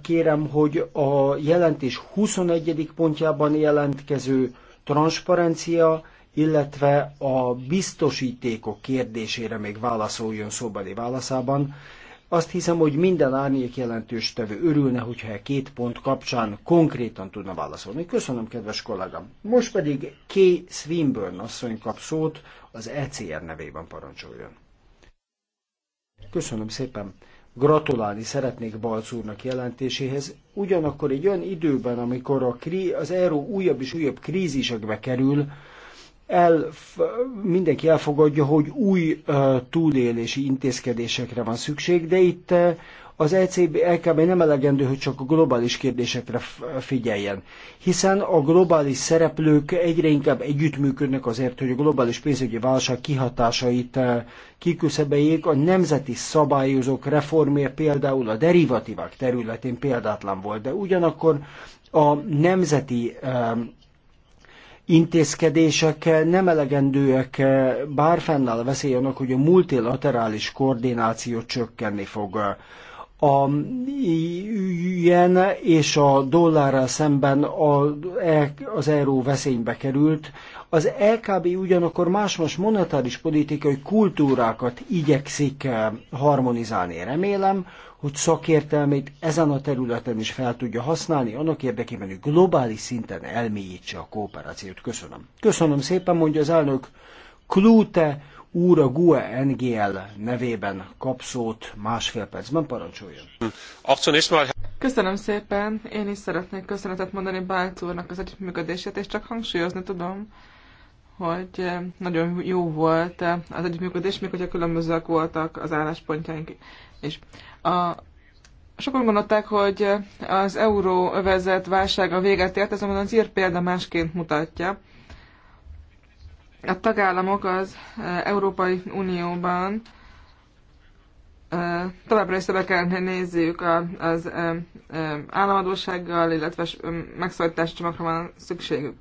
kérem, hogy a jelentés 21. pontjában jelentkező transzparencia, illetve a biztosítékok kérdésére még válaszoljon szóbeli válaszában, azt hiszem, hogy minden árnyék jelentős tevő örülne, hogyha a e két pont kapcsán konkrétan tudna válaszolni. Köszönöm, kedves kollégám. Most pedig K. Swinburne asszony kap szót, az ECR nevében parancsoljon. Köszönöm szépen. Gratulálni szeretnék Balc úrnak jelentéséhez, ugyanakkor egy olyan időben, amikor a kri az euró újabb és újabb krízisekbe kerül, el, mindenki elfogadja, hogy új túlélési intézkedésekre van szükség, de itt az ECB, LKB nem elegendő, hogy csak a globális kérdésekre figyeljen, hiszen a globális szereplők egyre inkább együttműködnek azért, hogy a globális pénzügyi válság kihatásait kiküszöböljék. A nemzeti szabályozók reformja például a derivatívák területén példátlan volt, de ugyanakkor a nemzeti intézkedések nem elegendőek, bár fennáll a veszély annak, hogy a multilaterális koordináció csökkenni fog. A ilyen és a dollárral szemben e, az euró veszélybe került. Az LKB ugyanakkor más-más monetáris politikai kultúrákat igyekszik harmonizálni. Remélem, hogy szakértelmét ezen a területen is fel tudja használni, annak érdekében, hogy globális szinten elmélyítse a kooperációt. Köszönöm. Köszönöm szépen, mondja az elnök. Klute úr a GUE NGL nevében kap szót másfél percben, parancsoljon. Köszönöm szépen, én is szeretnék köszönetet mondani Bált úrnak az együttműködését, és csak hangsúlyozni tudom, hogy nagyon jó volt az együttműködés, még hogyha különbözőek voltak az álláspontjaink és a, sokan gondolták, hogy az euróövezet a véget ért, ez az ír példa másként mutatja. A tagállamok az e, Európai Unióban e, továbbra is szembe kell nézniük az e, államadósággal, illetve megszorítási csomagra van szükségük.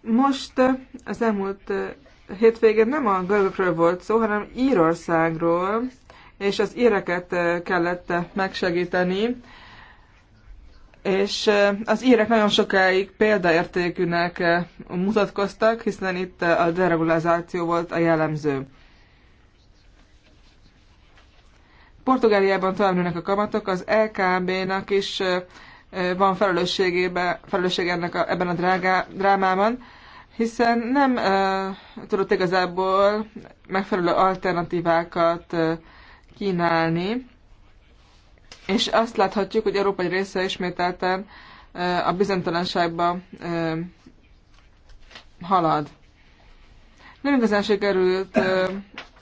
Most az elmúlt hétvégén nem a görögökről volt szó, hanem Írországról, és az íreket kellett megsegíteni, és az írek nagyon sokáig példaértékűnek mutatkoztak, hiszen itt a deregulázáció volt a jellemző. Portugáliában tovább nőnek a kamatok, az LKB-nak is van felelősségébe, felelősség ennek a, ebben a drágá, drámában, hiszen nem e, tudott igazából megfelelő alternatívákat e, kínálni, és azt láthatjuk, hogy Európa egy része ismételten a bizonytalanságba halad. Nem igazán sikerült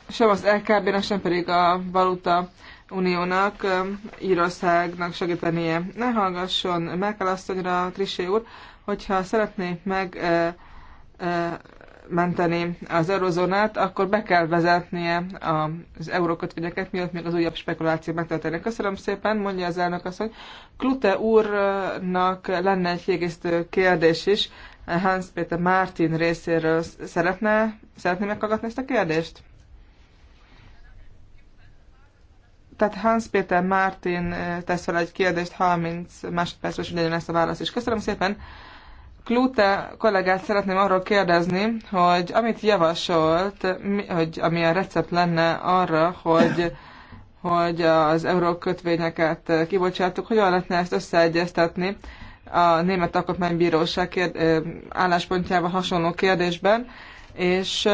sem az LKB-nek, sem pedig a Valuta Uniónak, Írországnak segítenie. Ne hallgasson Merkel asszonyra, Trissé úr, hogyha szeretné meg menteni az eurozónát, akkor be kell vezetnie az eurókötvényeket, mielőtt még az újabb spekuláció megtörténik. Köszönöm szépen, mondja az elnök azt, hogy Klute úrnak lenne egy kiegészítő kérdés is. Hans Péter Martin részéről szeretne, szeretné meghallgatni ezt a kérdést? tehát Hans Péter Martin eh, tesz fel egy kérdést 30 másodpercre, hogy legyen ezt a válasz is. Köszönöm szépen! Klute kollégát szeretném arról kérdezni, hogy amit javasolt, hogy ami a recept lenne arra, hogy hogy az eurókötvényeket hogy hogyan lehetne ezt összeegyeztetni a Német Alkotmánybíróság kérd, álláspontjával hasonló kérdésben, és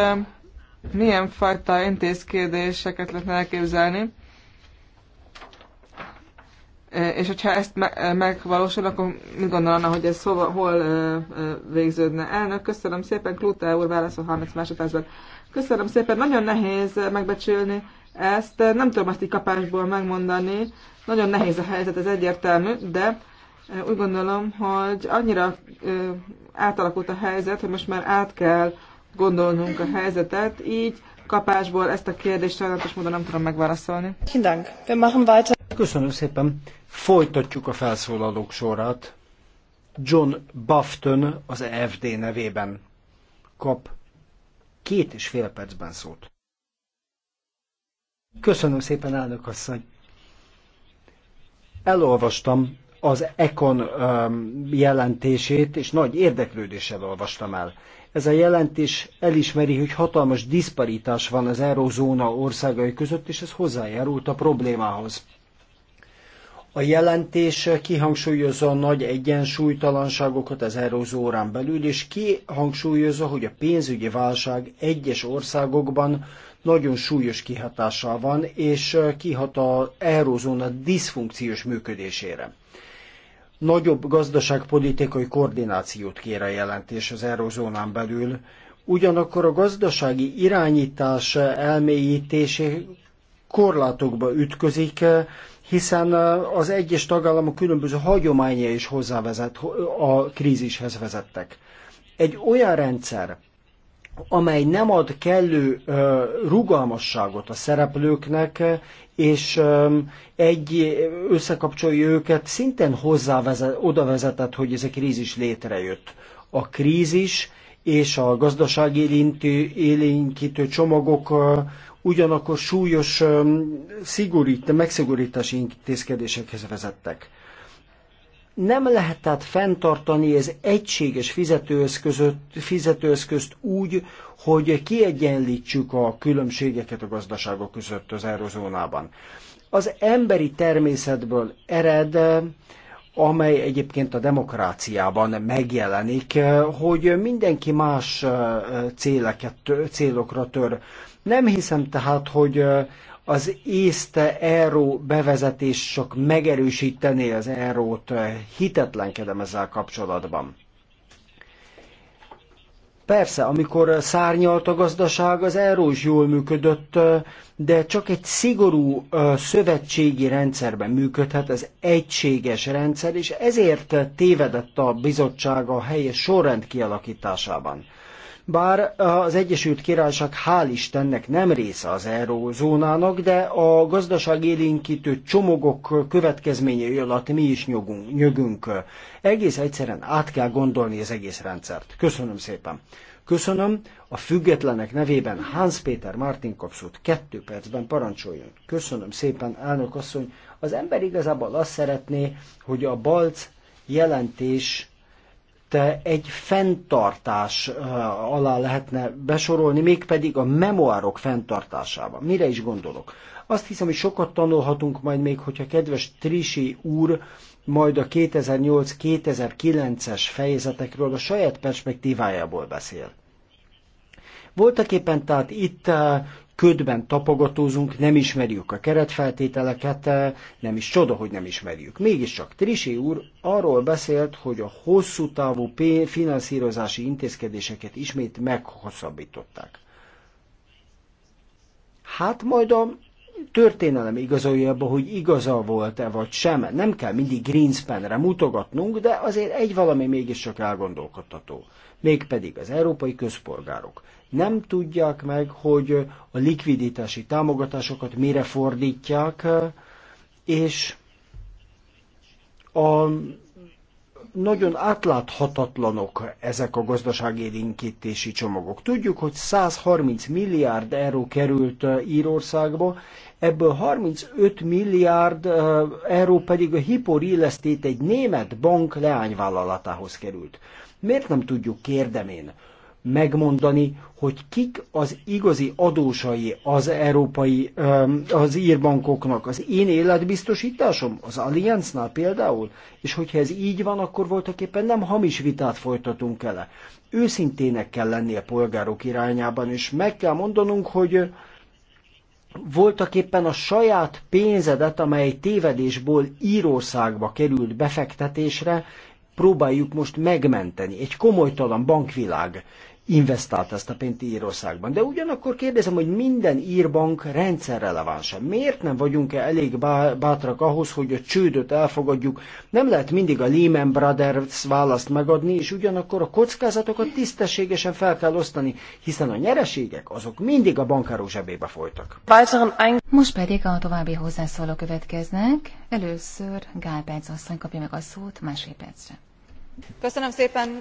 milyen fajta intézkedéseket lehetne elképzelni és hogyha ezt me- megvalósul, akkor mit gondolna, hogy ez hova, hol ö, ö, végződne? Elnök, köszönöm szépen, Klute úr válaszol 30 másodpercben. Köszönöm szépen, nagyon nehéz megbecsülni ezt, nem tudom ezt így kapásból megmondani, nagyon nehéz a helyzet, ez egyértelmű, de úgy gondolom, hogy annyira ö, átalakult a helyzet, hogy most már át kell gondolnunk a helyzetet, így kapásból ezt a kérdést sajnálatos módon nem tudom megválaszolni. Köszönöm szépen. Folytatjuk a felszólalók sorát. John Bafton az EFD nevében kap két és fél percben szót. Köszönöm szépen, elnök asszony. Elolvastam az Econ jelentését, és nagy érdeklődéssel olvastam el. Ez a jelentés elismeri, hogy hatalmas diszparitás van az eurózóna országai között, és ez hozzájárult a problémához. A jelentés kihangsúlyozza a nagy egyensúlytalanságokat az erózórán belül, és kihangsúlyozza, hogy a pénzügyi válság egyes országokban nagyon súlyos kihatással van, és kihat a erózóna diszfunkciós működésére. Nagyobb gazdaságpolitikai koordinációt kér a jelentés az erózónán belül, ugyanakkor a gazdasági irányítás elmélyítésé korlátokba ütközik, hiszen az egyes tagállamok különböző hagyományai is hozzávezet, a krízishez vezettek. Egy olyan rendszer, amely nem ad kellő rugalmasságot a szereplőknek, és egy összekapcsolja őket, szintén hozzávezet, oda vezetett, hogy ez a krízis létrejött. A krízis és a gazdasági élénkítő csomagok ugyanakkor súlyos szigorít, megszigorítási intézkedésekhez vezettek. Nem lehet tehát fenntartani az egységes fizetőeszközöt, fizetőeszközt úgy, hogy kiegyenlítsük a különbségeket a gazdaságok között az eurozónában. Az emberi természetből ered, amely egyébként a demokráciában megjelenik, hogy mindenki más céleket, célokra tör. Nem hiszem tehát, hogy az észte euró bevezetés csak megerősítené az eurót, hitetlenkedem ezzel kapcsolatban. Persze, amikor szárnyalt a gazdaság, az euró is jól működött, de csak egy szigorú szövetségi rendszerben működhet az egységes rendszer, és ezért tévedett a bizottság a helyes sorrend kialakításában. Bár az Egyesült Királyság hál' Istennek nem része az eurózónának, de a gazdaság élénkítő csomagok következményei alatt mi is nyugunk, nyögünk. Egész egyszerűen át kell gondolni az egész rendszert. Köszönöm szépen. Köszönöm. A függetlenek nevében Hans Péter Martin kapszót kettő percben parancsoljon. Köszönöm szépen, elnök asszony. Az ember igazából azt szeretné, hogy a balc jelentés te egy fenntartás alá lehetne besorolni, mégpedig a memoárok fenntartásába. Mire is gondolok? Azt hiszem, hogy sokat tanulhatunk majd még, hogyha kedves Trisi úr majd a 2008-2009-es fejezetekről a saját perspektívájából beszél. Voltak éppen tehát itt ködben tapogatózunk, nem ismerjük a keretfeltételeket, eh, nem is csoda, hogy nem ismerjük. Mégiscsak Trisi úr arról beszélt, hogy a hosszú távú finanszírozási intézkedéseket ismét meghosszabbították. Hát majd a történelem igazolja abba, hogy igaza volt-e vagy sem. Nem kell mindig Greenspanre mutogatnunk, de azért egy valami mégiscsak elgondolkodható. Mégpedig az európai közpolgárok nem tudják meg, hogy a likviditási támogatásokat mire fordítják, és a nagyon átláthatatlanok ezek a gazdaságélénkítési csomagok. Tudjuk, hogy 130 milliárd euró került eh, Írországba, ebből 35 milliárd eh, euró pedig a Hippo Real Estate egy német bank leányvállalatához került. Miért nem tudjuk, kérdemén? megmondani, hogy kik az igazi adósai az európai, az írbankoknak. Az én életbiztosításom? Az Allianznál például? És hogyha ez így van, akkor voltak éppen nem hamis vitát folytatunk ele. Őszintének kell lenni a polgárok irányában, és meg kell mondanunk, hogy voltak éppen a saját pénzedet, amely tévedésből Írországba került befektetésre, próbáljuk most megmenteni. Egy komolytalan bankvilág investált ezt a pénzt Írországban. De ugyanakkor kérdezem, hogy minden írbank rendszerrelevánsan. Miért nem vagyunk-e elég bátrak ahhoz, hogy a csődöt elfogadjuk? Nem lehet mindig a Lehman Brothers választ megadni, és ugyanakkor a kockázatokat tisztességesen fel kell osztani, hiszen a nyereségek azok mindig a bankáró zsebébe folytak. Most pedig a további hozzászóló következnek. Először Gál Perc asszony kapja meg a szót másfél percre. Köszönöm szépen,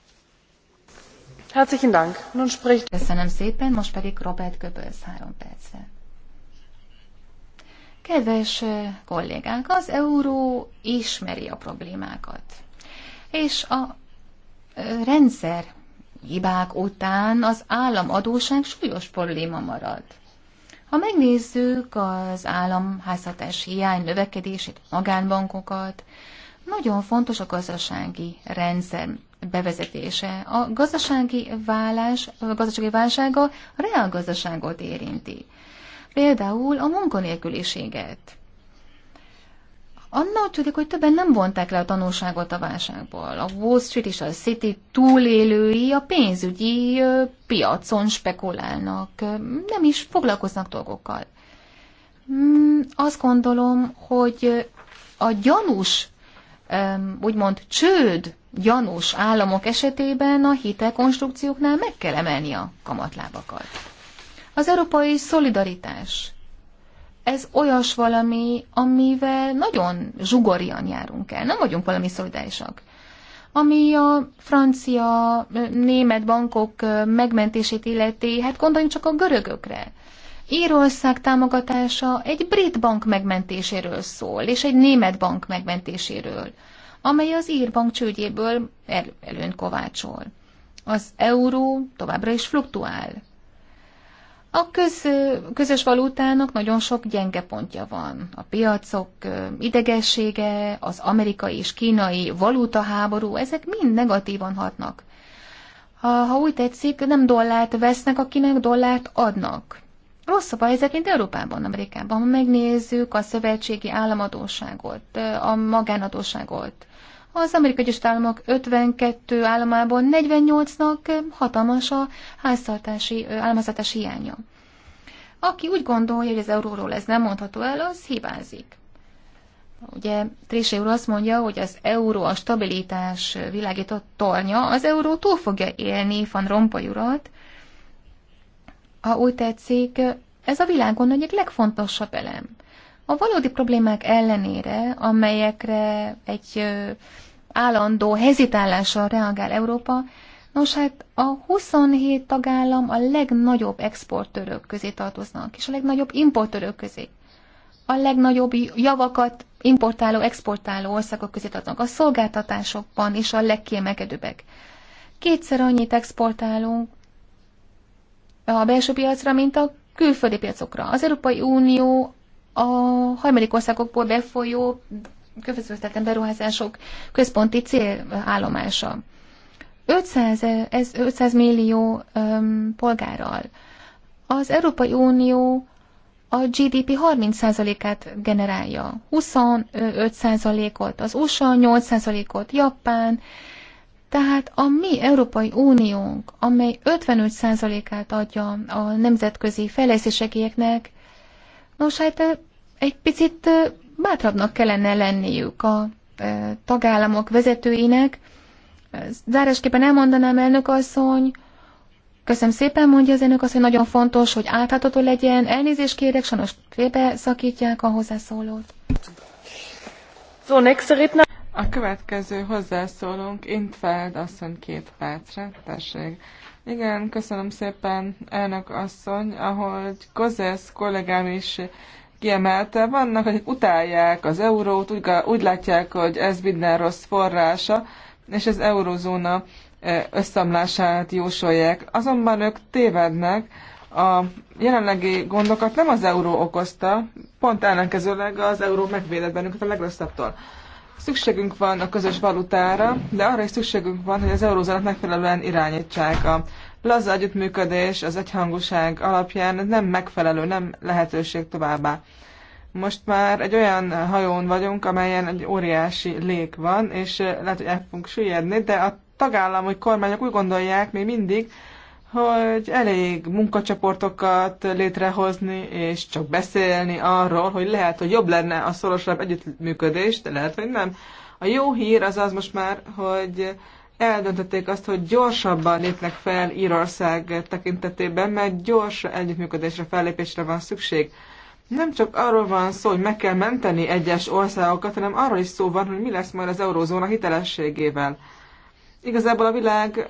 Herzlichen Dank. Nun spricht... Köszönöm szépen, most pedig Robert Goebbels három percre. Kedves kollégák, az euró ismeri a problémákat. És a rendszer hibák után az államadóság súlyos probléma marad. Ha megnézzük az államháztartás hiány növekedését, magánbankokat, nagyon fontos a gazdasági rendszer bevezetése. A gazdasági válás, a gazdasági válsága a reál gazdaságot érinti. Például a munkanélküliséget. Annál tűnik, hogy többen nem vonták le a tanulságot a válságból. A Wall Street és a City túlélői a pénzügyi piacon spekulálnak, nem is foglalkoznak dolgokkal. Hmm, azt gondolom, hogy a gyanús, úgymond csőd gyanús államok esetében a hitelkonstrukcióknál meg kell emelni a kamatlábakat. Az európai szolidaritás. Ez olyas valami, amivel nagyon zsugorian járunk el. Nem vagyunk valami szolidárisak. Ami a francia, német bankok megmentését illeti, hát gondoljunk csak a görögökre. Írország támogatása egy brit bank megmentéséről szól, és egy német bank megmentéséről amely az írbank csődjéből el, előn kovácsol. Az euró továbbra is fluktuál. A köz, közös valutának nagyon sok gyenge pontja van. A piacok idegessége, az amerikai és kínai valutaháború, ezek mind negatívan hatnak. Ha, ha úgy tetszik, nem dollárt vesznek, akinek dollárt adnak rosszabb a helyzet, mint Európában, Amerikában. Ha megnézzük a szövetségi államadóságot, a magánadóságot, az Amerikai Egyesült Államok 52 államából 48-nak hatalmas a háztartási, államháztartási hiánya. Aki úgy gondolja, hogy az euróról ez nem mondható el, az hibázik. Ugye Trésé úr azt mondja, hogy az euró a stabilitás világított tornya, az euró túl fogja élni Van Rompuy urat, ha úgy tetszik, ez a világon egyik legfontosabb elem. A valódi problémák ellenére, amelyekre egy állandó hezitálással reagál Európa, nos hát a 27 tagállam a legnagyobb exportőrök közé tartoznak, és a legnagyobb importőrök közé. A legnagyobb javakat importáló, exportáló országok közé tartoznak, a szolgáltatásokban is a legkiemelkedőbbek. Kétszer annyit exportálunk, a belső piacra, mint a külföldi piacokra. Az Európai Unió a harmadik országokból befolyó közvetlen beruházások központi célállomása. 500, ez 500 millió um, polgárral. Az Európai Unió a GDP 30%-át generálja, 25%-ot, az USA 8%-ot, Japán tehát a mi Európai Uniónk, amely 55%-át adja a nemzetközi fejlesztésekieknek, nos hát egy picit bátrabbnak kellene lenniük a tagállamok vezetőinek. Zárásképpen elmondanám elnök asszony, Köszönöm szépen, mondja az elnök asszony, nagyon fontos, hogy átható legyen. Elnézést kérek, sajnos félbe szakítják a hozzászólót. So, next a következő hozzászólunk, Intfeld asszony két percre, tessék. Igen, köszönöm szépen, elnök asszony, ahogy Kozesz kollégám is kiemelte, vannak, akik utálják az eurót, úgy, úgy látják, hogy ez minden rossz forrása, és az eurozóna e, összeomlását jósolják. Azonban ők tévednek, a jelenlegi gondokat nem az euró okozta, pont ellenkezőleg az euró megvédett bennünket a legrosszabbtól. Szükségünk van a közös valutára, de arra is szükségünk van, hogy az eurózónak megfelelően irányítsák. A laza együttműködés az egyhangúság alapján nem megfelelő, nem lehetőség továbbá. Most már egy olyan hajón vagyunk, amelyen egy óriási lék van, és lehet, hogy el fogunk süllyedni, de a tagállamok, kormányok úgy gondolják még mindig, hogy elég munkacsoportokat létrehozni, és csak beszélni arról, hogy lehet, hogy jobb lenne a szorosabb együttműködés, de lehet, hogy nem. A jó hír az az most már, hogy eldöntötték azt, hogy gyorsabban lépnek fel Írország tekintetében, mert gyors együttműködésre, fellépésre van szükség. Nem csak arról van szó, hogy meg kell menteni egyes országokat, hanem arról is szó van, hogy mi lesz majd az eurózóna hitelességével. Igazából a világ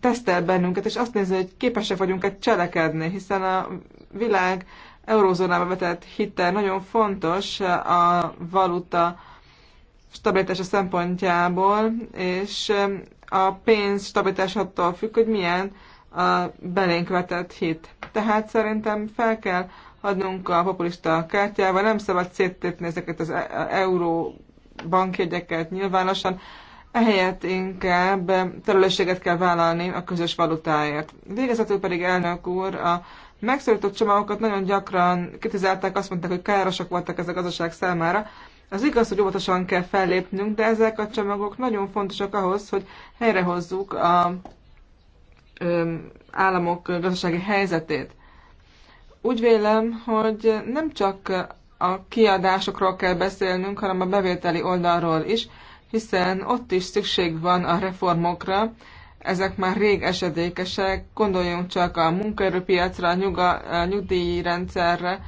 tesztel bennünket, és azt nézi, hogy képesek vagyunk-e cselekedni, hiszen a világ eurózónába vetett hite nagyon fontos a valuta stabilitása szempontjából, és a pénz attól függ, hogy milyen a belénk vetett hit. Tehát szerintem fel kell adnunk a populista kártyával, nem szabad széttépni ezeket az e-, e-, euró bankjegyeket nyilvánosan, ehelyett inkább felelősséget kell vállalni a közös valutáért. Végezetül pedig elnök úr, a megszorított csomagokat nagyon gyakran kritizálták, azt mondták, hogy károsak voltak ezek a gazdaság számára. Az igaz, hogy óvatosan kell fellépnünk, de ezek a csomagok nagyon fontosak ahhoz, hogy helyrehozzuk a ö, államok gazdasági helyzetét. Úgy vélem, hogy nem csak a kiadásokról kell beszélnünk, hanem a bevételi oldalról is, hiszen ott is szükség van a reformokra, ezek már rég esedékesek, gondoljunk csak a munkaerőpiacra, a, nyuga, a nyugdíjrendszerre.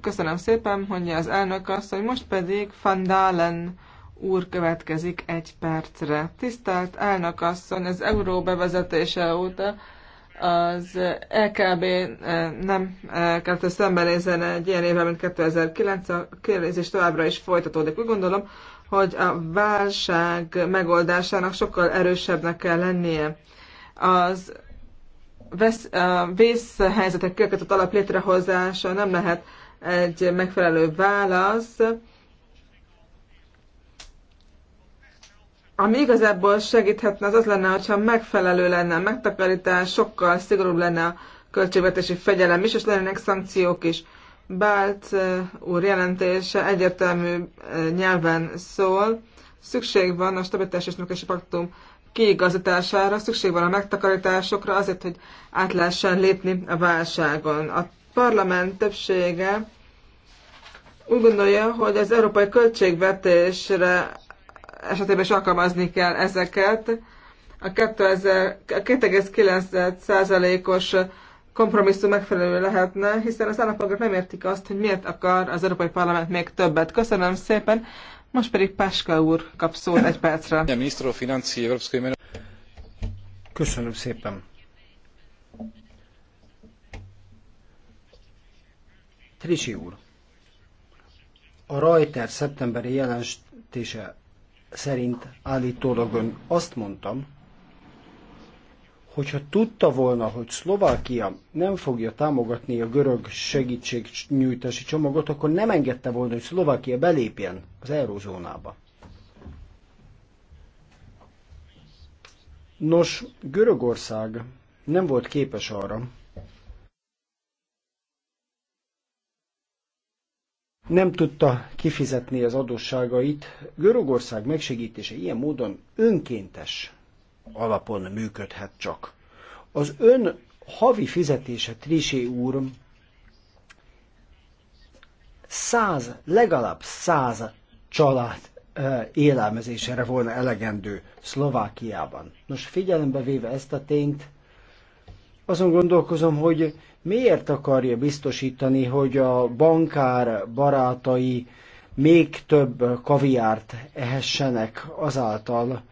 Köszönöm szépen, mondja az elnök azt, hogy most pedig Van Dalen úr következik egy percre. Tisztelt elnök asszony, az euró bevezetése óta az LKB e e, nem e, kellett, hogy szembenézzen egy ilyen évvel, mint 2009, a kérdés továbbra is folytatódik. Úgy gondolom, hogy a válság megoldásának sokkal erősebbnek kell lennie. Az vesz, vészhelyzetek kirakott alap létrehozása nem lehet egy megfelelő válasz. Ami igazából segíthetne, az az lenne, hogyha megfelelő lenne a megtakarítás, sokkal szigorúbb lenne a költségvetési fegyelem is, és lennének szankciók is. Bált eh, úr jelentése egyértelmű eh, nyelven szól. Szükség van a stabilitás és növekedési paktum kiigazítására, szükség van a megtakarításokra azért, hogy át lehessen lépni a válságon. A parlament többsége úgy gondolja, hogy az európai költségvetésre esetében is alkalmazni kell ezeket. A 2,9%-os kompromisszum megfelelő lehetne, hiszen az állampolgárok nem értik azt, hogy miért akar az Európai Parlament még többet. Köszönöm szépen, most pedig Páska úr kap szót egy percre. Köszönöm szépen. Trisi úr, a Reuters szeptemberi jelentése szerint állítólag ön azt mondtam, hogyha tudta volna, hogy Szlovákia nem fogja támogatni a görög segítségnyújtási csomagot, akkor nem engedte volna, hogy Szlovákia belépjen az eurozónába. Nos, Görögország nem volt képes arra, nem tudta kifizetni az adósságait. Görögország megsegítése ilyen módon önkéntes alapon működhet csak. Az ön havi fizetése, Trisé úr, száz, legalább száz család élelmezésére volna elegendő Szlovákiában. Nos, figyelembe véve ezt a tényt, azon gondolkozom, hogy miért akarja biztosítani, hogy a bankár barátai még több kaviárt ehessenek azáltal,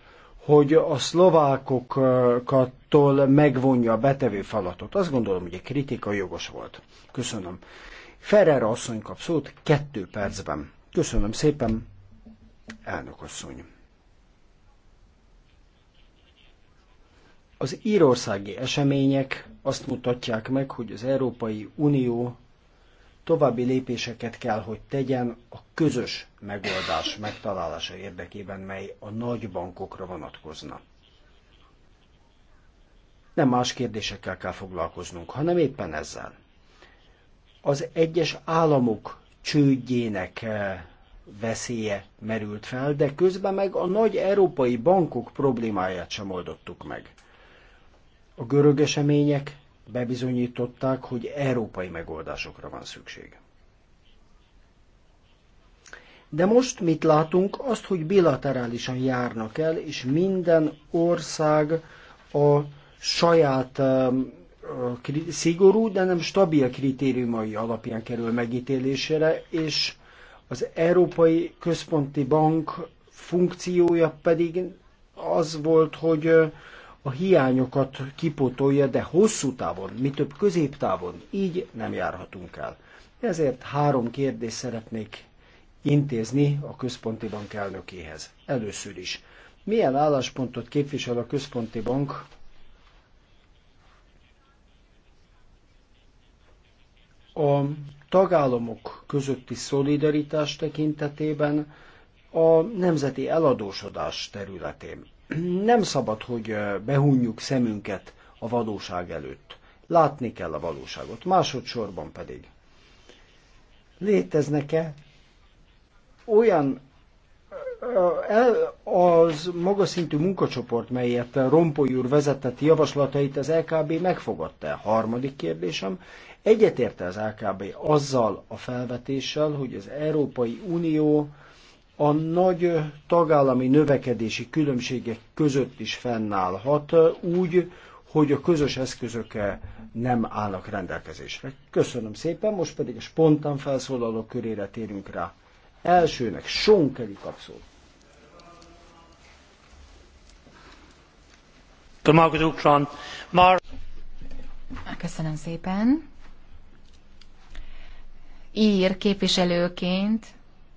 hogy a szlovákokattól megvonja a betevő falatot. Azt gondolom, hogy a kritika jogos volt. Köszönöm. Ferrer asszony kap szót kettő percben. Köszönöm szépen, elnök asszony. Az írországi események azt mutatják meg, hogy az Európai Unió további lépéseket kell, hogy tegyen a közös megoldás megtalálása érdekében, mely a nagy bankokra vonatkozna. Nem más kérdésekkel kell foglalkoznunk, hanem éppen ezzel. Az egyes államok csődjének eh, veszélye merült fel, de közben meg a nagy európai bankok problémáját sem oldottuk meg. A görög események bebizonyították, hogy európai megoldásokra van szükség. De most mit látunk? Azt, hogy bilaterálisan járnak el, és minden ország a saját um, szigorú, de nem stabil kritériumai alapján kerül megítélésére, és az Európai Központi Bank funkciója pedig az volt, hogy uh, a hiányokat kipotolja, de hosszú távon, mi több középtávon így nem járhatunk el. Ezért három kérdést szeretnék intézni a központi bank elnökéhez. Először is. Milyen álláspontot képvisel a központi bank a tagállamok közötti szolidaritás tekintetében a nemzeti eladósodás területén? nem szabad, hogy behunjuk szemünket a valóság előtt. Látni kell a valóságot. Másodszorban pedig léteznek-e olyan az magas szintű munkacsoport, melyet Rompoly úr vezetett javaslatait az LKB megfogadta. Harmadik kérdésem, egyetérte az LKB azzal a felvetéssel, hogy az Európai Unió a nagy tagállami növekedési különbségek között is fennállhat úgy, hogy a közös eszközök nem állnak rendelkezésre. Köszönöm szépen, most pedig a spontán felszólalók körére térünk rá. Elsőnek Sonkeli kapszó. Köszönöm szépen. Ír képviselőként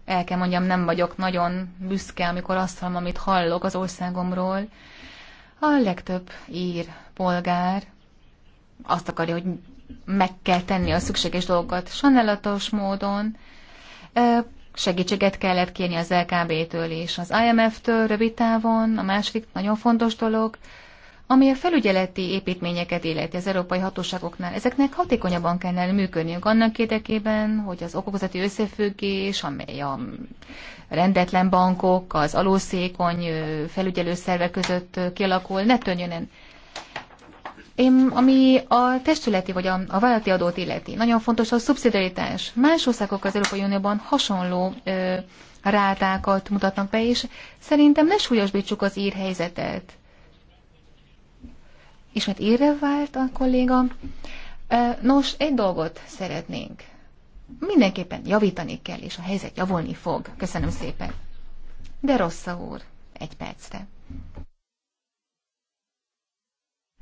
el kell mondjam, nem vagyok nagyon büszke, amikor azt hallom, amit hallok az országomról. A legtöbb ír polgár azt akarja, hogy meg kell tenni a szükséges dolgokat sajnálatos módon. Segítséget kellett kérni az LKB-től és az IMF-től rövid távon, a másik nagyon fontos dolog, ami a felügyeleti építményeket illeti az európai hatóságoknál, ezeknek hatékonyabban kellene működniük annak érdekében, hogy az okokozati összefüggés, amely a rendetlen bankok, az alulszékony felügyelő szervek között kialakul, ne törjön én, ami a testületi vagy a, a vállalati adót illeti, nagyon fontos a szubszidiaritás. Más országok az Európai Unióban hasonló ö, rátákat mutatnak be, és szerintem ne súlyosbítsuk az ír helyzetet mert hát írre vált a kolléga. Nos, egy dolgot szeretnénk. Mindenképpen javítani kell, és a helyzet javulni fog. Köszönöm szépen. De rossz a úr. Egy percre.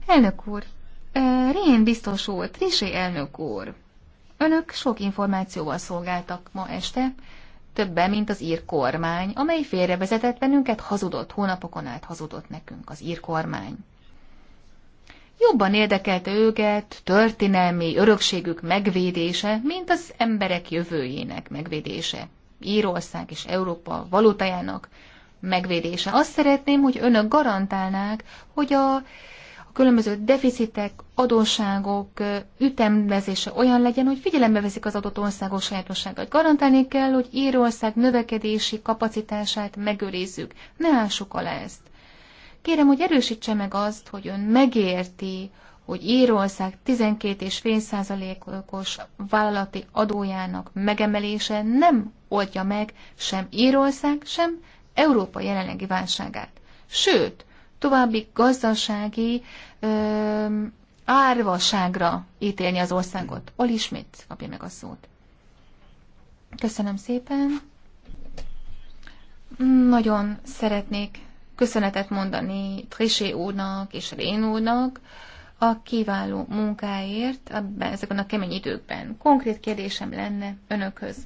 Elnök úr, Rén biztos úr, Trisé elnök úr, önök sok információval szolgáltak ma este, többen, mint az ír kormány, amely félrevezetett bennünket, hazudott, hónapokon át hazudott nekünk az ír kormány jobban érdekelte őket történelmi örökségük megvédése, mint az emberek jövőjének megvédése. Írország és Európa valutájának megvédése. Azt szeretném, hogy önök garantálnák, hogy a, a különböző deficitek, adósságok ütemvezése olyan legyen, hogy figyelembe veszik az adott országok sajátosságait. Garantálni kell, hogy Írország növekedési kapacitását megőrizzük. Ne ássuk alá ezt. Kérem, hogy erősítse meg azt, hogy ön megérti, hogy Írország 12,5%-os vállalati adójának megemelése nem oldja meg sem Írország, sem Európa jelenlegi válságát. Sőt, további gazdasági ö, árvaságra ítélni az országot. Oli Schmidt kapja meg a szót. Köszönöm szépen. Nagyon szeretnék köszönetet mondani Trisé úrnak és Rén úrnak a kiváló munkáért ebben, ezekben a kemény időkben. Konkrét kérdésem lenne önökhöz.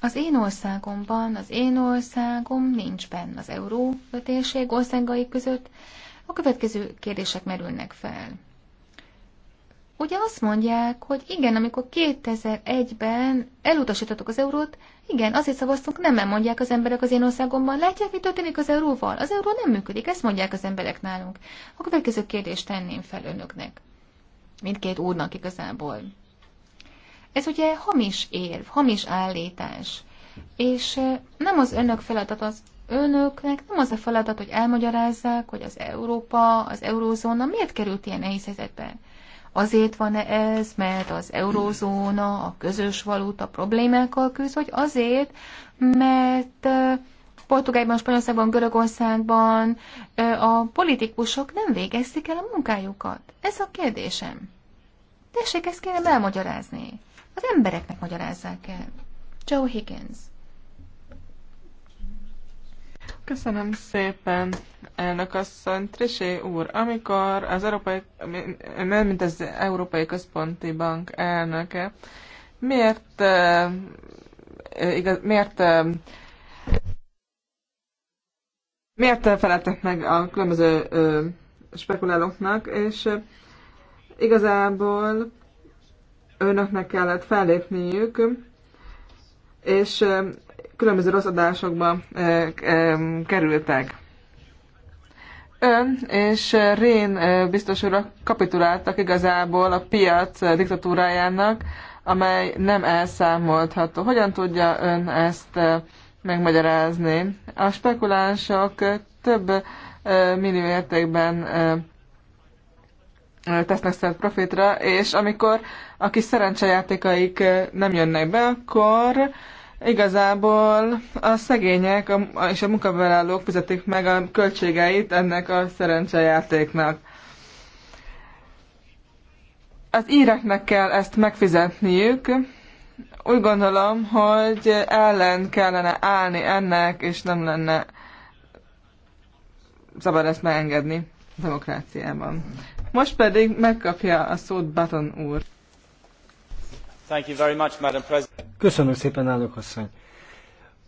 Az én országomban, az én országom nincs benne az euró térség országai között. A következő kérdések merülnek fel ugye azt mondják, hogy igen, amikor 2001-ben elutasítottuk az eurót, igen, azért szavaztunk, nem mondják az emberek az én országomban. Látják, mi történik az euróval? Az euró nem működik, ezt mondják az emberek nálunk. A következő kérdést tenném fel önöknek. Mindkét úrnak igazából. Ez ugye hamis érv, hamis állítás. És nem az önök feladat, az önöknek nem az a feladat, hogy elmagyarázzák, hogy az Európa, az eurózóna miért került ilyen nehéz helyzetbe. Azért van -e ez, mert az eurózóna, a közös valuta problémákkal küzd, vagy azért, mert Portugálban, Spanyolországban, Görögországban a politikusok nem végezték el a munkájukat? Ez a kérdésem. Tessék ezt kéne elmagyarázni. Az embereknek magyarázzák el. Joe Higgins. Köszönöm szépen, elnök asszony. Trisé úr, amikor az Európai, nem mint az Európai Központi Bank elnöke, miért, eh, igaz, miért eh, miért feleltek meg a különböző ö, eh, spekulálóknak, és ö, igazából önöknek kellett fellépniük, és ö, különböző rossz adásokba eh, kerültek. Ön és Rén eh, biztos urak kapituláltak igazából a piac eh, diktatúrájának, amely nem elszámoltható. Hogyan tudja ön ezt megmagyarázni? A spekulánsok több millió értékben tesznek szert profitra, és amikor a kis szerencsejátékaik nem jönnek be, akkor Igazából a szegények és a munkavállalók fizetik meg a költségeit ennek a szerencsejátéknak. Az íreknek kell ezt megfizetniük. Úgy gondolom, hogy ellen kellene állni ennek, és nem lenne szabad ezt megengedni a demokráciában. Most pedig megkapja a szót Baton úr. Köszönöm szépen, elnök asszony.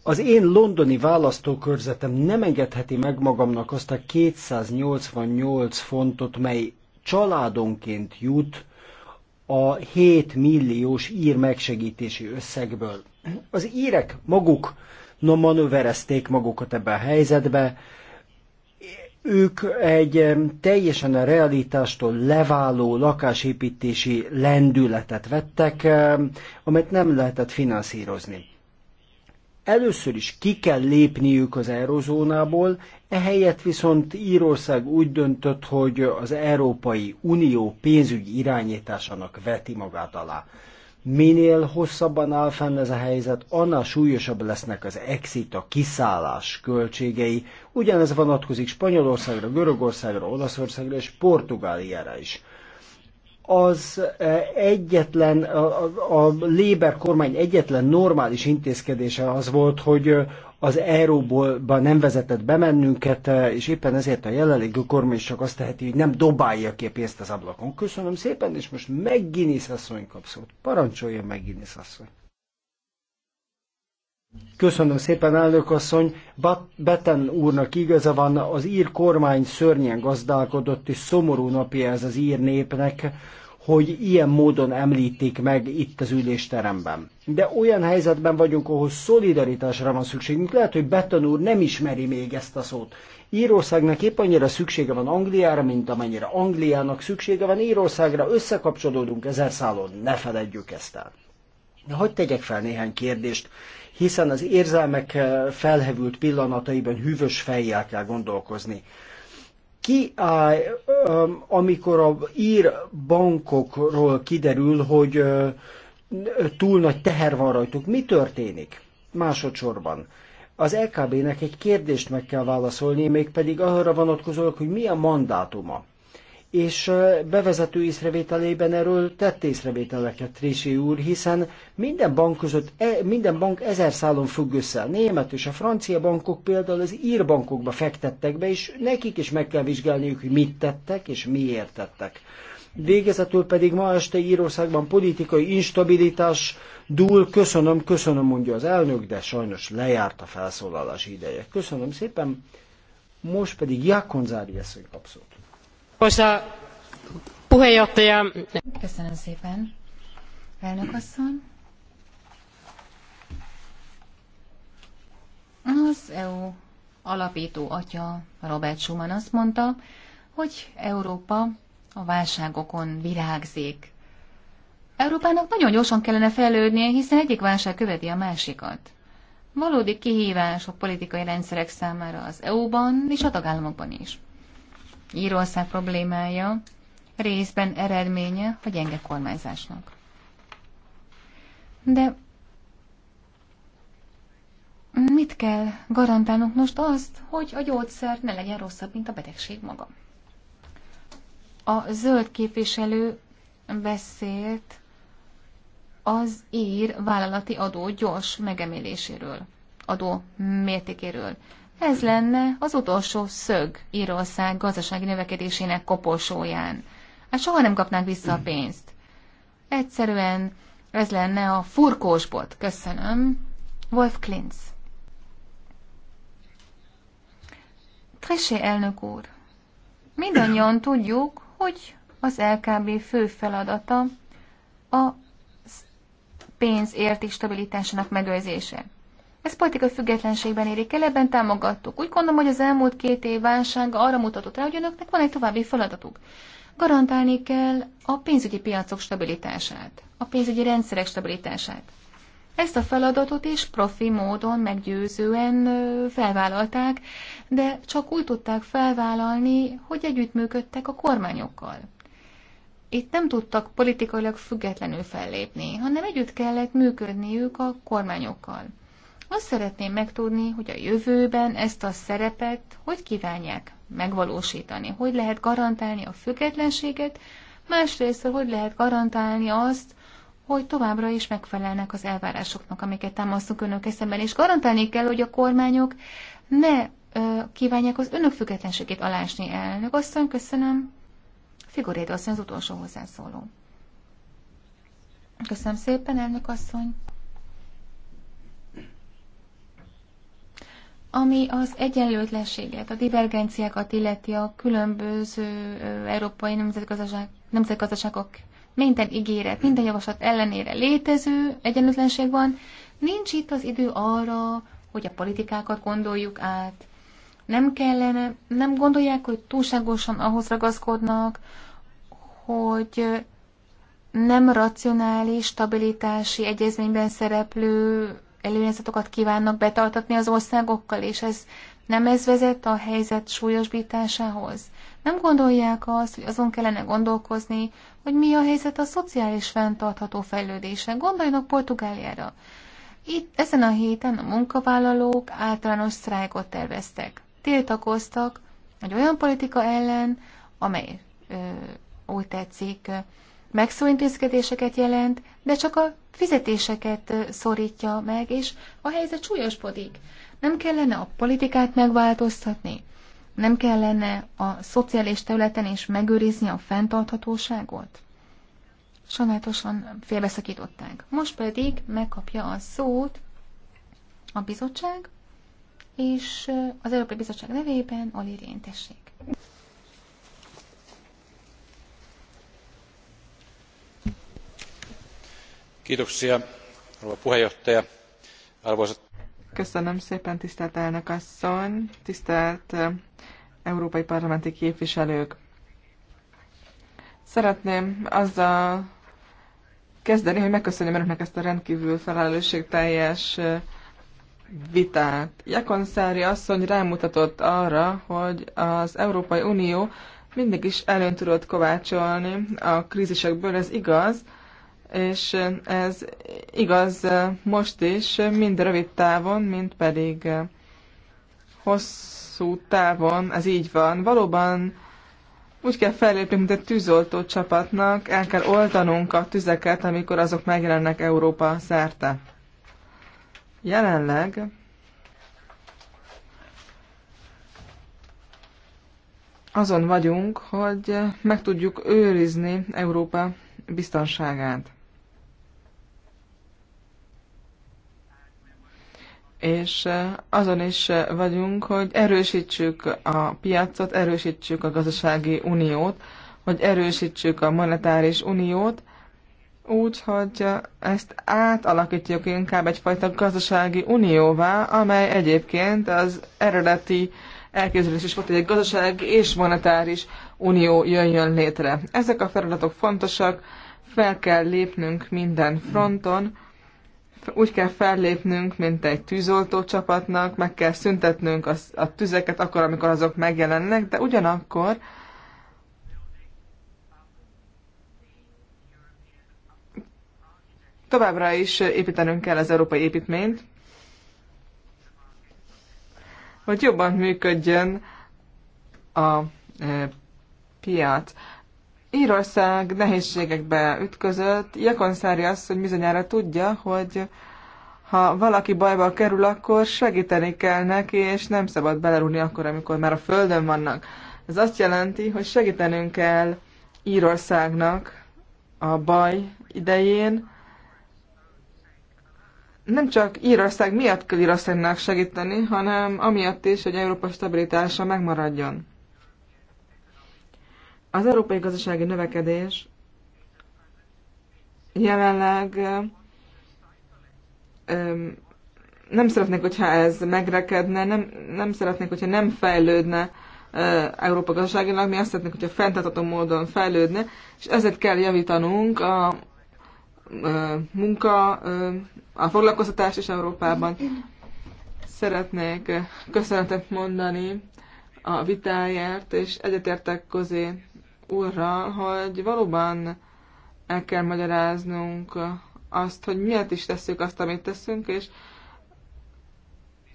Az én londoni választókörzetem nem engedheti meg magamnak azt a 288 fontot, mely családonként jut a 7 milliós ír megsegítési összegből. Az írek maguk no manőverezték magukat ebbe a helyzetbe, ők egy teljesen a realitástól leváló lakásépítési lendületet vettek, amit nem lehetett finanszírozni. Először is ki kell lépniük az eurozónából, ehelyett viszont Írország úgy döntött, hogy az Európai Unió pénzügyi irányításának veti magát alá. Minél hosszabban áll fenn ez a helyzet, annál súlyosabb lesznek az exit, a kiszállás költségei. Ugyanez vonatkozik Spanyolországra, Görögországra, Olaszországra és Portugáliára is az eh, egyetlen, a, a Léber kormány egyetlen normális intézkedése az volt, hogy eh, az Euróbólba nem vezetett be eh, és éppen ezért a jelenlegi kormány csak azt teheti, hogy nem dobálja ki a pénzt az ablakon. Köszönöm szépen, és most megginis asszony kap szót. Parancsolja megginis asszony. Köszönöm szépen, elnök asszony. Beten úrnak igaza van, az ír kormány szörnyen gazdálkodott, és szomorú napja ez az ír népnek, hogy ilyen módon említik meg itt az ülésteremben. De olyan helyzetben vagyunk, ahol szolidaritásra van szükségünk. Lehet, hogy Betten úr nem ismeri még ezt a szót. Írországnak épp annyira szüksége van Angliára, mint amennyire Angliának szüksége van Írországra. Összekapcsolódunk ezer szálon, ne feledjük ezt el. Hogy tegyek fel néhány kérdést, hiszen az érzelmek eh, felhevült pillanataiban hűvös fejjel kell gondolkozni ki áll, eh, amikor a ír bankokról kiderül, hogy eh, túl nagy teher van rajtuk. Mi történik? Másodszorban. Az LKB-nek egy kérdést meg kell válaszolni, mégpedig arra vonatkozóak, hogy mi a mandátuma és bevezető észrevételében erről tett észrevételeket Trési úr, hiszen minden bank között, e, minden bank ezer szálon függ össze. A német és a francia bankok például az ír bankokba fektettek be, és nekik is meg kell vizsgálniuk, hogy mit tettek és miért tettek. Végezetül pedig ma este Írországban politikai instabilitás dúl. Köszönöm, köszönöm, mondja az elnök, de sajnos lejárt a felszólalás ideje. Köszönöm szépen. Most pedig Jakon Zári eszünk abszolút arvoisa puheenjohtaja. Köszönöm szépen. Elnök asszony. Az EU alapító atya Robert Schuman azt mondta, hogy Európa a válságokon virágzik. Európának nagyon gyorsan kellene fejlődnie, hiszen egyik válság követi a másikat. Valódi kihívás a politikai rendszerek számára az EU-ban és a tagállamokban is. Írország problémája részben eredménye a gyenge kormányzásnak. De mit kell garantálnunk most azt, hogy a gyógyszer ne legyen rosszabb, mint a betegség maga? A zöld képviselő beszélt az ír vállalati adó gyors megemeléséről, adó mértékéről. Ez lenne az utolsó szög Írország gazdasági növekedésének koporsóján. Hát soha nem kapnánk vissza a pénzt. Egyszerűen ez lenne a furkósbot. Köszönöm. Wolf Klintz. Tressé elnök úr, mindannyian tudjuk, hogy az LKB fő feladata a pénzérték stabilitásának megőrzése. Ez politikai függetlenségben érik el, ebben támogattuk. Úgy gondolom, hogy az elmúlt két év válsága arra mutatott rá, hogy önöknek van egy további feladatuk. Garantálni kell a pénzügyi piacok stabilitását, a pénzügyi rendszerek stabilitását. Ezt a feladatot is profi módon meggyőzően felvállalták, de csak úgy tudták felvállalni, hogy együttműködtek a kormányokkal. Itt nem tudtak politikailag függetlenül fellépni, hanem együtt kellett működniük a kormányokkal. Azt szeretném megtudni, hogy a jövőben ezt a szerepet hogy kívánják megvalósítani, hogy lehet garantálni a függetlenséget, másrészt, hogy lehet garantálni azt, hogy továbbra is megfelelnek az elvárásoknak, amiket támasztunk önök eszemben, és garantálni kell, hogy a kormányok ne ö, kívánják az önök függetlenségét alásni elnök. Asszony, köszönöm. Figoréd asszony az utolsó hozzászóló. Köszönöm szépen, elnök asszony. Ami az egyenlőtlenséget, a divergenciákat illeti a különböző európai nemzetgazdaság, nemzetgazdaságok minden ígéret, minden javaslat ellenére létező egyenlőtlenség van, nincs itt az idő arra, hogy a politikákat gondoljuk át. Nem kellene, nem gondolják, hogy túlságosan ahhoz ragaszkodnak, hogy nem racionális, stabilitási egyezményben szereplő előnyezetokat kívánnak betartatni az országokkal, és ez nem ez vezet a helyzet súlyosbításához? Nem gondolják azt, hogy azon kellene gondolkozni, hogy mi a helyzet a szociális fenntartható fejlődése. Gondoljanak Portugáliára. Itt ezen a héten a munkavállalók általános sztrájkot terveztek. Tiltakoztak egy olyan politika ellen, amely ö, úgy tetszik, megszóintézkedéseket jelent, de csak a fizetéseket szorítja meg, és a helyzet súlyosbodik. Nem kellene a politikát megváltoztatni? Nem kellene a szociális területen is megőrizni a fenntarthatóságot? Sajnálatosan félbeszakították. Most pedig megkapja a szót a bizottság, és az Európai Bizottság nevében Oli tessék. Köszönöm szépen, tisztelt elnök asszony, tisztelt európai parlamenti képviselők! Szeretném azzal kezdeni, hogy megköszönjem önöknek ezt a rendkívül felelősségteljes vitát. Jakonszári asszony rámutatott arra, hogy az Európai Unió mindig is előn tudott kovácsolni a krzisekből ez igaz, és ez igaz most is, mind rövid távon, mind pedig hosszú távon, ez így van. Valóban úgy kell fellépni, mint egy tűzoltó csapatnak, el kell oltanunk a tüzeket, amikor azok megjelennek Európa szerte. Jelenleg azon vagyunk, hogy meg tudjuk őrizni Európa biztonságát. és azon is vagyunk, hogy erősítsük a piacot, erősítsük a gazdasági uniót, hogy erősítsük a monetáris uniót, úgy, hogy ezt átalakítjuk inkább egyfajta gazdasági unióvá, amely egyébként az eredeti elképzelés is volt, hogy egy gazdasági és monetáris unió jöjjön létre. Ezek a feladatok fontosak, fel kell lépnünk minden fronton, úgy kell fellépnünk, mint egy tűzoltó csapatnak, meg kell szüntetnünk a, a tüzeket akkor, amikor azok megjelennek, de ugyanakkor továbbra is építenünk kell az európai építményt, hogy jobban működjön a e, piac. Írország nehézségekbe ütközött. Jakonszári azt, hogy bizonyára tudja, hogy ha valaki bajba kerül, akkor segíteni kell neki, és nem szabad belerúni, akkor, amikor már a földön vannak. Ez azt jelenti, hogy segítenünk kell Írországnak a baj idején. Nem csak Írország miatt kell Írországnak segíteni, hanem amiatt is, hogy Európa stabilitása megmaradjon. Az európai gazdasági növekedés jelenleg nem szeretnék, hogyha ez megrekedne, nem, nem szeretnék, hogyha nem fejlődne Európa gazdaságilag, mi azt szeretnénk, hogyha fenntartható módon fejlődne, és ezért kell javítanunk a munka, a foglalkoztatás is Európában. Szeretnék köszönetet mondani a vitáért és egyetértek közé úrral, hogy valóban el kell magyaráznunk azt, hogy miért is tesszük azt, amit teszünk, és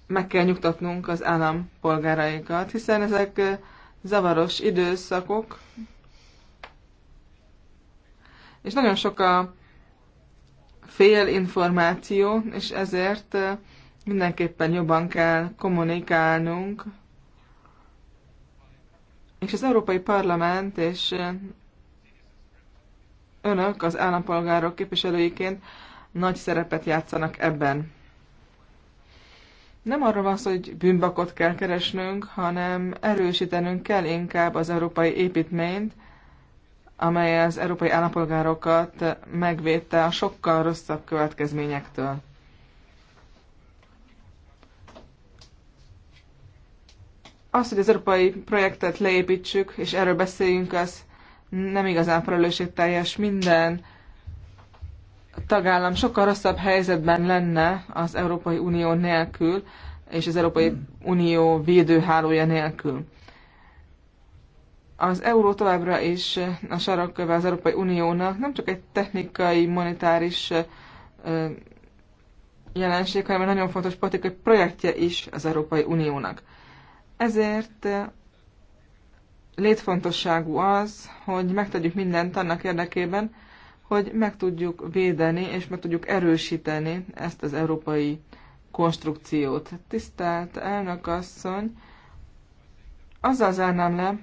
meg kell nyugtatnunk az állampolgáraikat, hiszen ezek zavaros időszakok, és nagyon sok a fél információ, és ezért mindenképpen jobban kell kommunikálnunk és az Európai Parlament és önök az állampolgárok képviselőiként nagy szerepet játszanak ebben. Nem arról van szó, hogy bűnbakot kell keresnünk, hanem erősítenünk kell inkább az európai építményt, amely az európai állampolgárokat megvédte a sokkal rosszabb következményektől. Az, hogy az európai projektet leépítsük, és erről beszéljünk, az nem igazán felelősségteljes minden tagállam sokkal rosszabb helyzetben lenne az Európai Unió nélkül, és az Európai Unió védőhálója nélkül. Az euró továbbra is a sarokköve az Európai Uniónak nem csak egy technikai, monetáris jelenség, hanem egy nagyon fontos politikai projektje is az Európai Uniónak. Ezért eh, létfontosságú az, hogy megtegyük mindent annak érdekében, hogy meg tudjuk védeni és meg tudjuk erősíteni ezt az európai konstrukciót. Tisztelt elnök asszony, azzal zárnám le,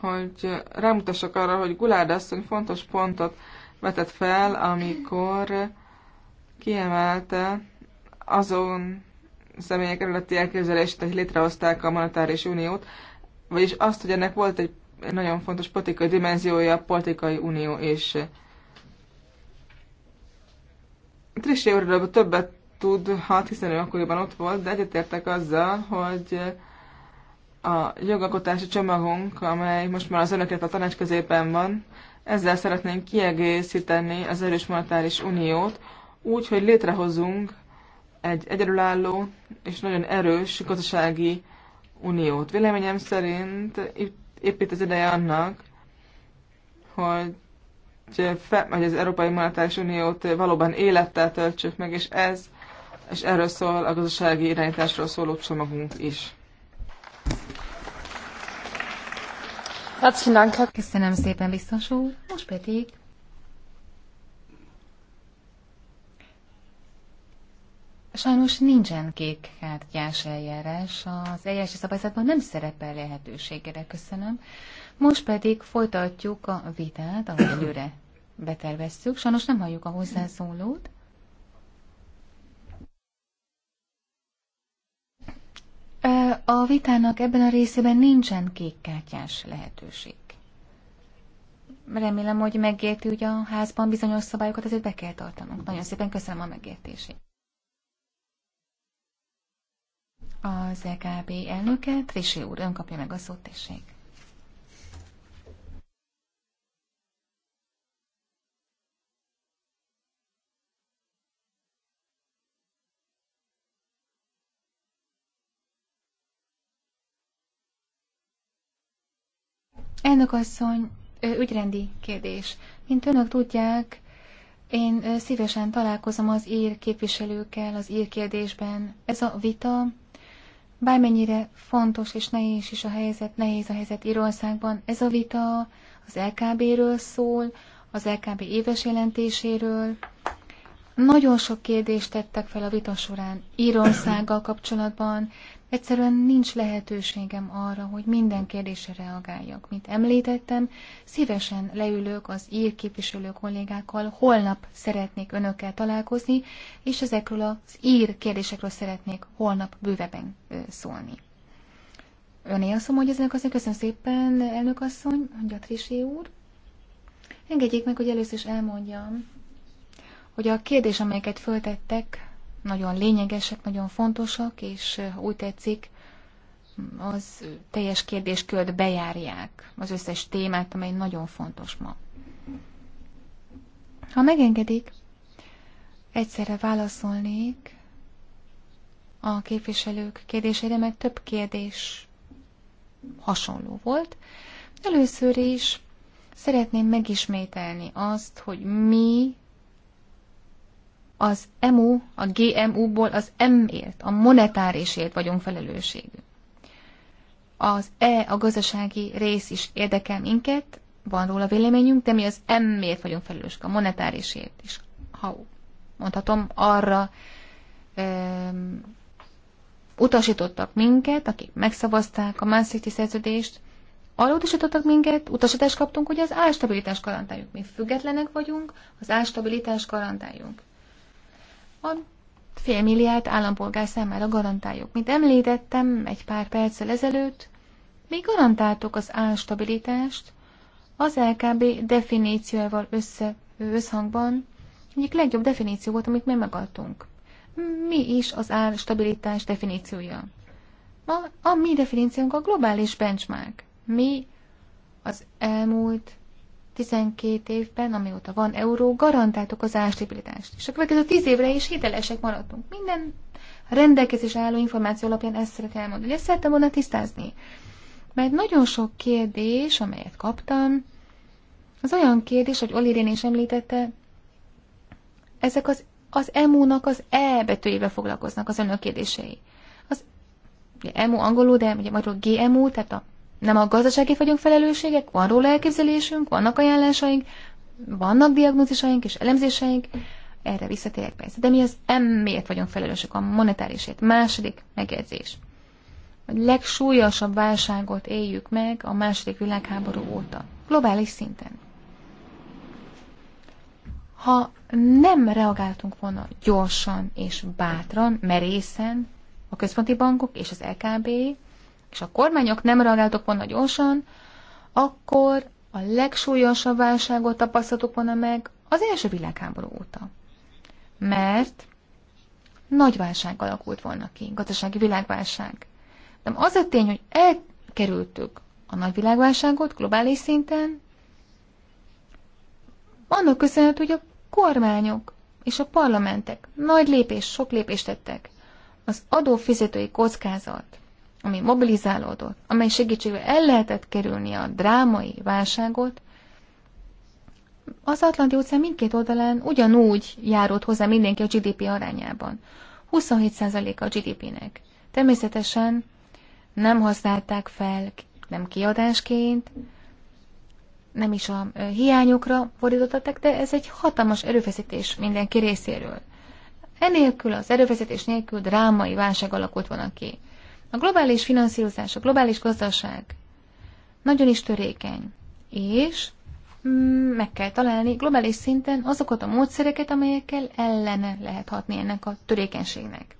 hogy rámutassak arra, hogy Gulárd asszony fontos pontot vetett fel, amikor kiemelte azon személyek eredeti elképzelését, hogy létrehozták a monetáris uniót, vagyis azt, hogy ennek volt egy nagyon fontos politikai dimenziója, a politikai unió és Trissé úrról többet tudhat, hiszen ő akkoriban ott volt, de egyetértek azzal, hogy a jogalkotási csomagunk, amely most már az önöket a tanács középen van, ezzel szeretnénk kiegészíteni az erős monetáris uniót, úgy, hogy létrehozunk egy egyedülálló és nagyon erős gazdasági uniót. Véleményem szerint épp itt az ideje annak, hogy hogy az Európai Monetáris Uniót valóban élettel töltsük meg, és ez, és erről szól a gazdasági irányításról szóló csomagunk is. Köszönöm szépen, biztos úr. Most pedig Sajnos nincsen kék kártyás eljárás, az eljárási szabályzatban nem szerepel lehetőségére, köszönöm. Most pedig folytatjuk a vitát, ahogy előre betervezzük. Sajnos nem halljuk a hozzászólót. A vitának ebben a részében nincsen kék kártyás lehetőség. Remélem, hogy megérti, hogy a házban bizonyos szabályokat azért be kell tartanunk. Nagyon szépen köszönöm a megértését. az EKB elnöke, Trisi úr, ön kapja meg a szót, tessék. Elnök asszony, ügyrendi kérdés. Mint önök tudják, én szívesen találkozom az ír képviselőkkel az ír kérdésben. Ez a vita Bármennyire fontos és nehéz is a helyzet, nehéz a helyzet Írországban, ez a vita az LKB-ről szól, az LKB éves jelentéséről. Nagyon sok kérdést tettek fel a vita során Írországgal kapcsolatban, Egyszerűen nincs lehetőségem arra, hogy minden kérdésre reagáljak. Mint említettem, szívesen leülök az ír képviselő kollégákkal, holnap szeretnék önökkel találkozni, és ezekről az ír kérdésekről szeretnék holnap bővebben szólni. Öné a szó, hogy ezek azért köszönöm szépen, elnök asszony, Gyatrisi úr. Engedjék meg, hogy először is elmondjam, hogy a kérdés, amelyeket föltettek, nagyon lényegesek, nagyon fontosak, és úgy tetszik, az teljes kérdéskört bejárják, az összes témát, amely nagyon fontos ma. Ha megengedik, egyszerre válaszolnék a képviselők kérdésére, mert több kérdés hasonló volt. Először is szeretném megismételni azt, hogy mi az MU, a GMU-ból az M-ért, a monetárisért vagyunk felelősségű. Az E, a gazdasági rész is érdekel minket, van róla véleményünk, de mi az M-ért vagyunk felelősek, a monetárisért is. Ha mondhatom, arra um, utasítottak minket, akik megszavazták a Maastrichti szerződést, arra utasítottak minket, utasítást kaptunk, hogy az ástabilitás garantáljuk. Mi függetlenek vagyunk, az ástabilitás garantáljuk a félmilliárd állampolgár számára garantáljuk. Mint említettem egy pár perccel ezelőtt, mi garantáltuk az állstabilitást? az LKB definíciójával össze, összhangban, egyik legjobb definíció volt, amit mi megadtunk. Mi is az állstabilitás definíciója? A, a mi definíciónk a globális benchmark. Mi az elmúlt 12 évben, amióta van euró, garantáltuk az ástabilitást. És a következő 10 évre is hitelesek maradtunk. Minden rendelkezés álló információ alapján ezt szeretem elmondani. Ezt szerettem volna tisztázni. Mert nagyon sok kérdés, amelyet kaptam, az olyan kérdés, hogy Olirén is említette, ezek az, az EMU-nak az E betűjével foglalkoznak az önök kérdései. Az ugye EMU angolul, de ugye magyarul GMU, tehát a nem a gazdasági vagyunk felelősségek, van róla elképzelésünk, vannak ajánlásaink, vannak diagnózisaink és elemzéseink, erre visszatérek persze. De mi az emmiért vagyunk felelősök, a monetárisért. Második megjegyzés. A legsúlyosabb válságot éljük meg a második világháború óta, globális szinten. Ha nem reagáltunk volna gyorsan és bátran, merészen, a központi bankok és az LKB, és a kormányok nem reagáltak volna gyorsan, akkor a legsúlyosabb válságot tapasztaltuk volna meg az első világháború óta. Mert nagy válság alakult volna ki, gazdasági világválság. De az a tény, hogy elkerültük a nagy világválságot globális szinten, annak köszönhető, hogy a kormányok és a parlamentek nagy lépés, sok lépést tettek. Az adófizetői kockázat ami mobilizálódott, amely segítségével el lehetett kerülni a drámai válságot, az Atlanti óceán mindkét oldalán ugyanúgy járult hozzá mindenki a GDP arányában. 27% a GDP-nek. Természetesen nem használták fel, nem kiadásként, nem is a hiányokra fordították, de ez egy hatalmas erőfeszítés mindenki részéről. Enélkül, az erőfeszítés nélkül drámai válság alakult volna ki. A globális finanszírozás, a globális gazdaság nagyon is törékeny, és mm, meg kell találni globális szinten azokat a módszereket, amelyekkel ellene lehet hatni ennek a törékenységnek.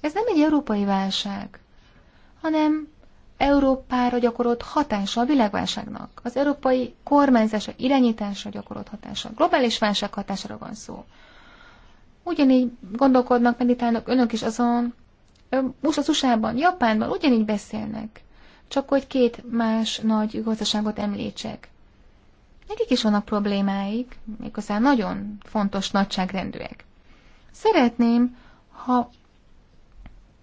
Ez nem egy európai válság, hanem Európára gyakorolt hatása a világválságnak, az európai kormányzása, irányítása gyakorolt hatása, globális válság hatására van szó. Ugyanígy gondolkodnak, meditálnak önök is azon, az USA-ban, Japánban ugyanígy beszélnek. Csak hogy két más nagy gazdaságot említsek. Nekik is vannak problémáik, méghozzá nagyon fontos nagyságrendűek. Szeretném, ha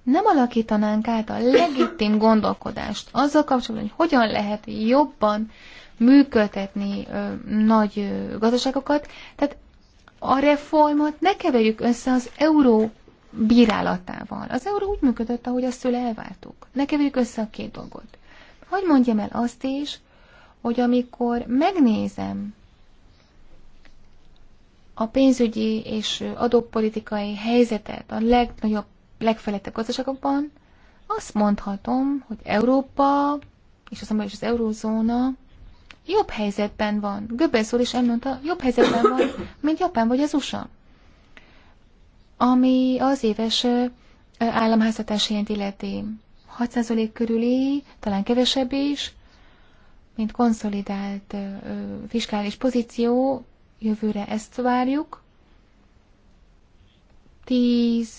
nem alakítanánk át a legitim gondolkodást azzal kapcsolatban, hogy hogyan lehet jobban működtetni ö, nagy ö, gazdaságokat. Tehát a reformot ne keverjük össze az euró bírálatával. Az euró úgy működött, ahogy azt tőle elvártuk. Ne keverjük össze a két dolgot. Hogy mondjam el azt is, hogy amikor megnézem a pénzügyi és adópolitikai helyzetet a legnagyobb, legfelettebb gazdaságokban, azt mondhatom, hogy Európa és az is az eurózóna jobb helyzetben van. Göbbels úr is elmondta, jobb helyzetben van, mint Japán vagy az USA ami az éves államháztatás illeti. 6% körüli, talán kevesebb is, mint konszolidált fiskális pozíció, jövőre ezt várjuk. 10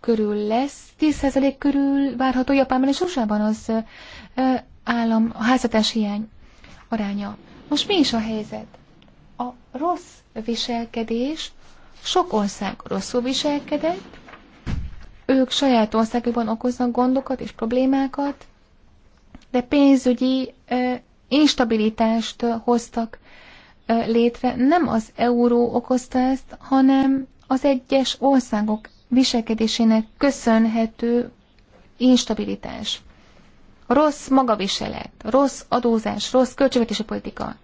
körül lesz, 10% körül várható Japánban és usa az állam házatás hiány aránya. Most mi is a helyzet? A rossz viselkedés sok ország rosszul viselkedett, ők saját országokban okoznak gondokat és problémákat, de pénzügyi instabilitást hoztak létre. Nem az euró okozta ezt, hanem az egyes országok viselkedésének köszönhető instabilitás. Rossz magaviselet, rossz adózás, rossz költségvetési politika.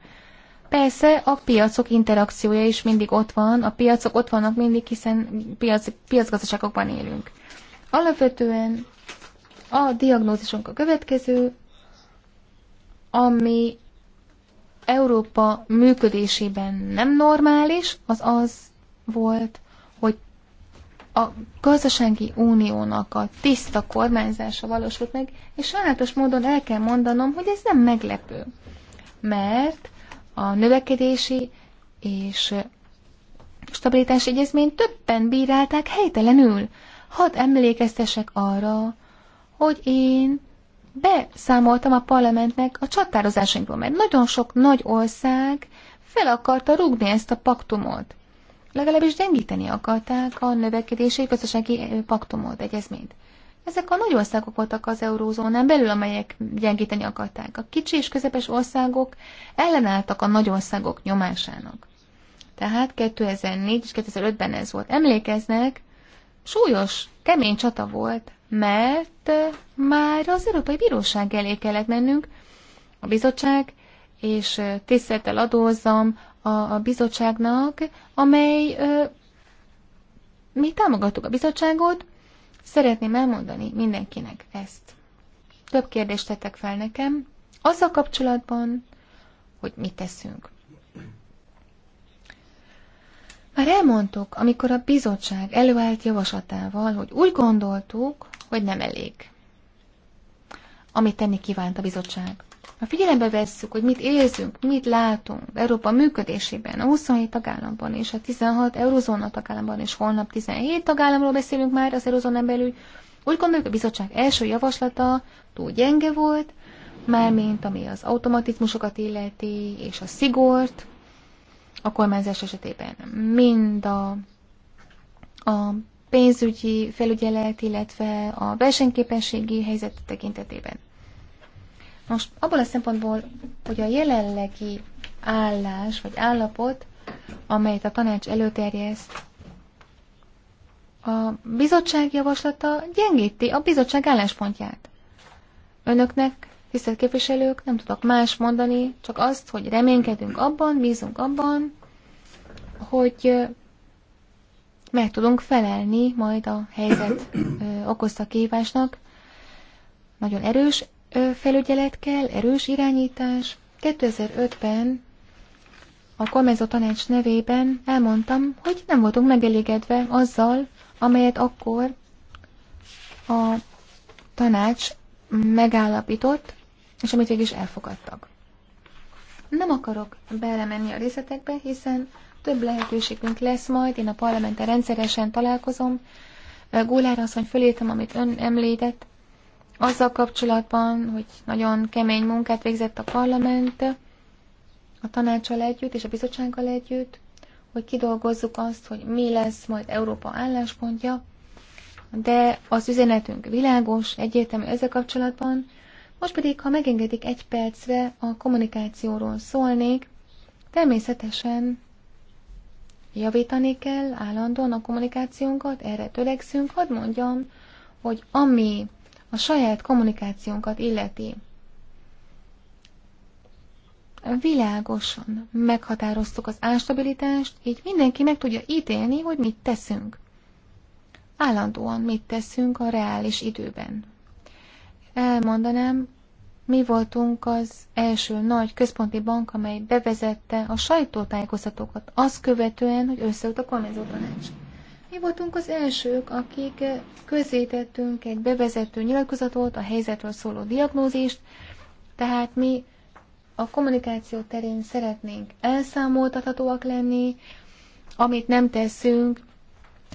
Persze a piacok interakciója is mindig ott van, a piacok ott vannak mindig, hiszen piac, piacgazdaságokban élünk. Alapvetően a diagnózisunk a következő, ami Európa működésében nem normális, az az volt, hogy a gazdasági uniónak a tiszta kormányzása valósult meg, és sajnálatos módon el kell mondanom, hogy ez nem meglepő, mert a növekedési és stabilitási egyezményt többen bírálták helytelenül. Hadd emlékeztesek arra, hogy én beszámoltam a parlamentnek a csatározásainkról, mert nagyon sok nagy ország fel akarta rúgni ezt a paktumot. Legalábbis gyengíteni akarták a növekedési gazdasági eh, paktumot, egyezményt. Ezek a nagy országok voltak az eurózónán belül, amelyek gyengíteni akarták. A kicsi és közepes országok ellenálltak a nagy országok nyomásának. Tehát 2004 és 2005-ben ez volt. Emlékeznek, súlyos, kemény csata volt, mert már az Európai Bíróság elé kellett mennünk, a bizottság, és tisztelettel adózzam a, a bizottságnak, amely ö, mi támogattuk a bizottságot, Szeretném elmondani mindenkinek ezt. Több kérdést tettek fel nekem, azzal kapcsolatban, hogy mit teszünk. Már elmondtuk, amikor a bizottság előállt javaslatával, hogy úgy gondoltuk, hogy nem elég. Amit tenni kívánt a bizottság. Ha figyelembe vesszük, hogy mit érzünk, mit látunk Európa működésében, a 27 tagállamban és a 16 eurozóna tagállamban, és holnap 17 tagállamról beszélünk már az eurozónán belül, úgy gondoljuk, a bizottság első javaslata túl gyenge volt, mármint ami az automatizmusokat illeti, és a szigort, a kormányzás esetében mind a, a pénzügyi felügyelet, illetve a versenyképességi helyzet tekintetében. Most abból a szempontból, hogy a jelenlegi állás vagy állapot, amelyet a tanács előterjeszt, a bizottság javaslata gyengíti a bizottság álláspontját. Önöknek, tisztelt képviselők, nem tudok más mondani, csak azt, hogy reménykedünk abban, bízunk abban, hogy meg tudunk felelni majd a helyzet okozta kihívásnak. Nagyon erős felügyelet kell, erős irányítás. 2005-ben a kormányzó tanács nevében elmondtam, hogy nem voltunk megelégedve azzal, amelyet akkor a tanács megállapított, és amit végig is elfogadtak. Nem akarok belemenni a részletekbe, hiszen több lehetőségünk lesz majd, én a parlamenten rendszeresen találkozom, Gólár asszony fölétem, amit ön említett, azzal kapcsolatban, hogy nagyon kemény munkát végzett a parlament, a tanácsal együtt és a bizottsággal együtt, hogy kidolgozzuk azt, hogy mi lesz majd Európa álláspontja, de az üzenetünk világos, egyértelmű ezzel kapcsolatban. Most pedig, ha megengedik egy percre, a kommunikációról szólnék. Természetesen javítani kell állandóan a kommunikációnkat, erre törekszünk. Hadd mondjam, hogy ami a saját kommunikációnkat illeti, világosan meghatároztuk az ástabilitást, így mindenki meg tudja ítélni, hogy mit teszünk. Állandóan mit teszünk a reális időben. Elmondanám, mi voltunk az első nagy központi bank, amely bevezette a sajtótájékoztatókat, azt követően, hogy összeült a kormányzó tanács. Mi voltunk az elsők, akik eh, közzétettünk egy bevezető nyilatkozatot, a helyzetről szóló diagnózist, tehát mi a kommunikáció terén szeretnénk elszámoltathatóak lenni, amit nem teszünk,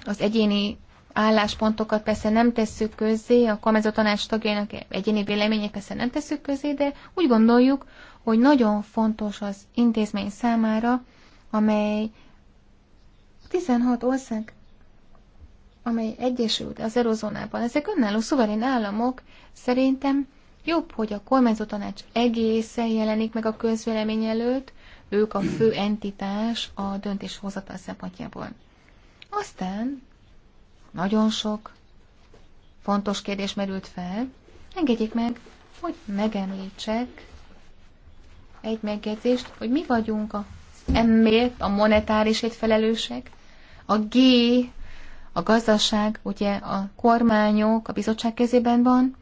az egyéni álláspontokat persze nem tesszük közzé, a kormányzó tanács tagjainak egyéni vélemények persze nem tesszük közzé, de úgy gondoljuk, hogy nagyon fontos az intézmény számára, amely 16 ország amely egyesült az eurozónában, ezek önálló szuverén államok szerintem jobb, hogy a kormányzó tanács egészen jelenik meg a közvélemény előtt, ők a fő entitás a döntéshozatal szempontjából. Aztán nagyon sok fontos kérdés merült fel. Engedjék meg, hogy megemlítsek egy megjegyzést, hogy mi vagyunk a emmért, a monetárisét felelősek, a G a gazdaság ugye a kormányok, a bizottság kezében van,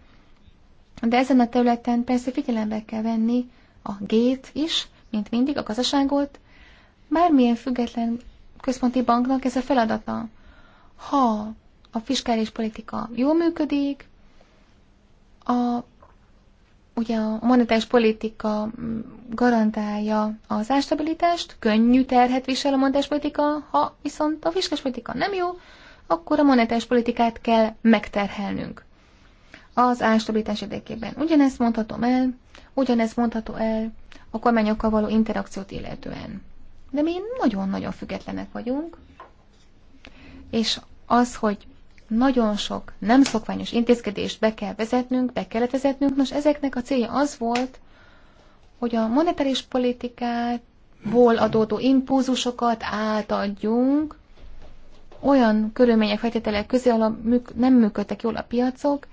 de ezen a területen persze figyelembe kell venni a gét is, mint mindig, a gazdaságot. Bármilyen független központi banknak ez a feladata. Ha a fiskális politika jól működik, a, ugye a monetáris politika mm, garantálja az ástabilitást, könnyű terhet visel a monetáris politika, ha viszont a fiskális politika nem jó, akkor a monetáris politikát kell megterhelnünk. Az árstabilitás érdekében. Ugyanezt mondhatom el, ugyanezt mondható el a kormányokkal való interakciót illetően. De mi nagyon-nagyon függetlenek vagyunk, és az, hogy nagyon sok nem szokványos intézkedést be kell vezetnünk, be kellett vezetnünk, nos ezeknek a célja az volt, hogy a monetáris ból adódó impulzusokat átadjunk olyan körülmények, feltételek közé, ahol nem működtek jól a piacok,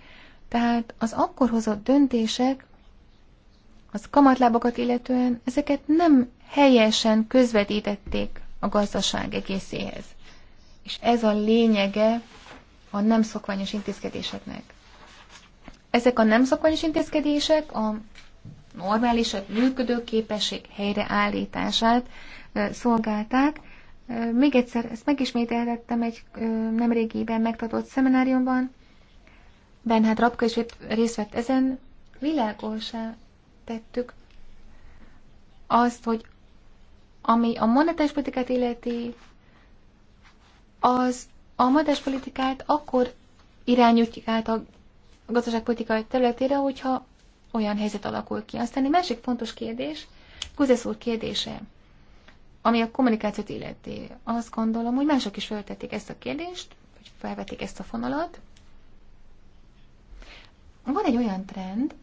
tehát az akkor hozott döntések, az kamatlábakat illetően, ezeket nem helyesen közvetítették a gazdaság egészéhez. És ez a lényege a nem szokványos intézkedéseknek. Ezek a nem szokványos intézkedések a normálisabb működőképesség helyreállítását szolgálták, még egyszer, ezt megismételhettem egy nemrégiben megtartott szemináriumban. Bernhard Rapka is részt vett ezen. Világosá tettük azt, hogy ami a monetáris politikát illeti, az a monetáris politikát akkor irányítjuk át a gazdaságpolitikai területére, hogyha olyan helyzet alakul ki. Aztán egy másik fontos kérdés, Kuzesz úr kérdése. Ami a kommunikációt illeti, azt gondolom, hogy mások is feltették ezt a kérdést, vagy felvetik ezt a fonalat. Van egy olyan trend,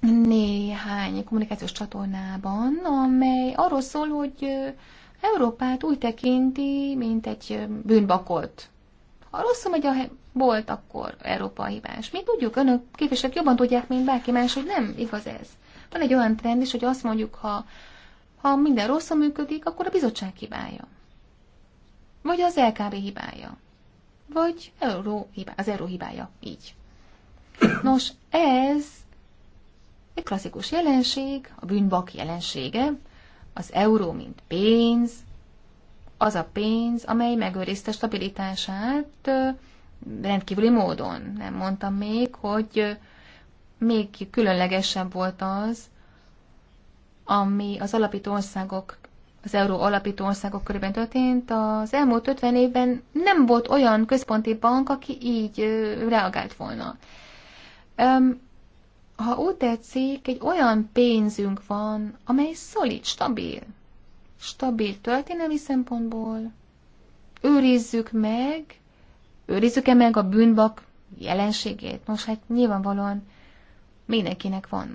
[CLEARS THROAT] néhány kommunikációs csatornában, amely arról szól, hogy Európát úgy tekinti, mint egy bűnbakot. Ha rosszul megy a volt, akkor Európa a hibás. Mi tudjuk, önök képesek jobban tudják, mint bárki más, hogy nem igaz ez. Van egy olyan trend is, hogy azt mondjuk, ha, ha minden rosszul működik, akkor a bizottság hibája. Vagy az LKB hibája. Vagy euró hibája, az euró hibája. Így. Nos, ez egy klasszikus jelenség, a bűnbak jelensége, az euró, mint pénz, az a pénz, amely megőrizte stabilitását rendkívüli módon. Nem mondtam még, hogy még különlegesebb volt az, ami az alapító országok, az euró alapító országok körében történt. Az elmúlt 50 évben nem volt olyan központi bank, aki így reagált volna. Ha úgy tetszik, egy olyan pénzünk van, amely szolid, stabil. Stabil történelmi szempontból. Őrizzük meg, őrizzük-e meg a bűnbak jelenségét? Most hát nyilvánvalóan Mindenkinek van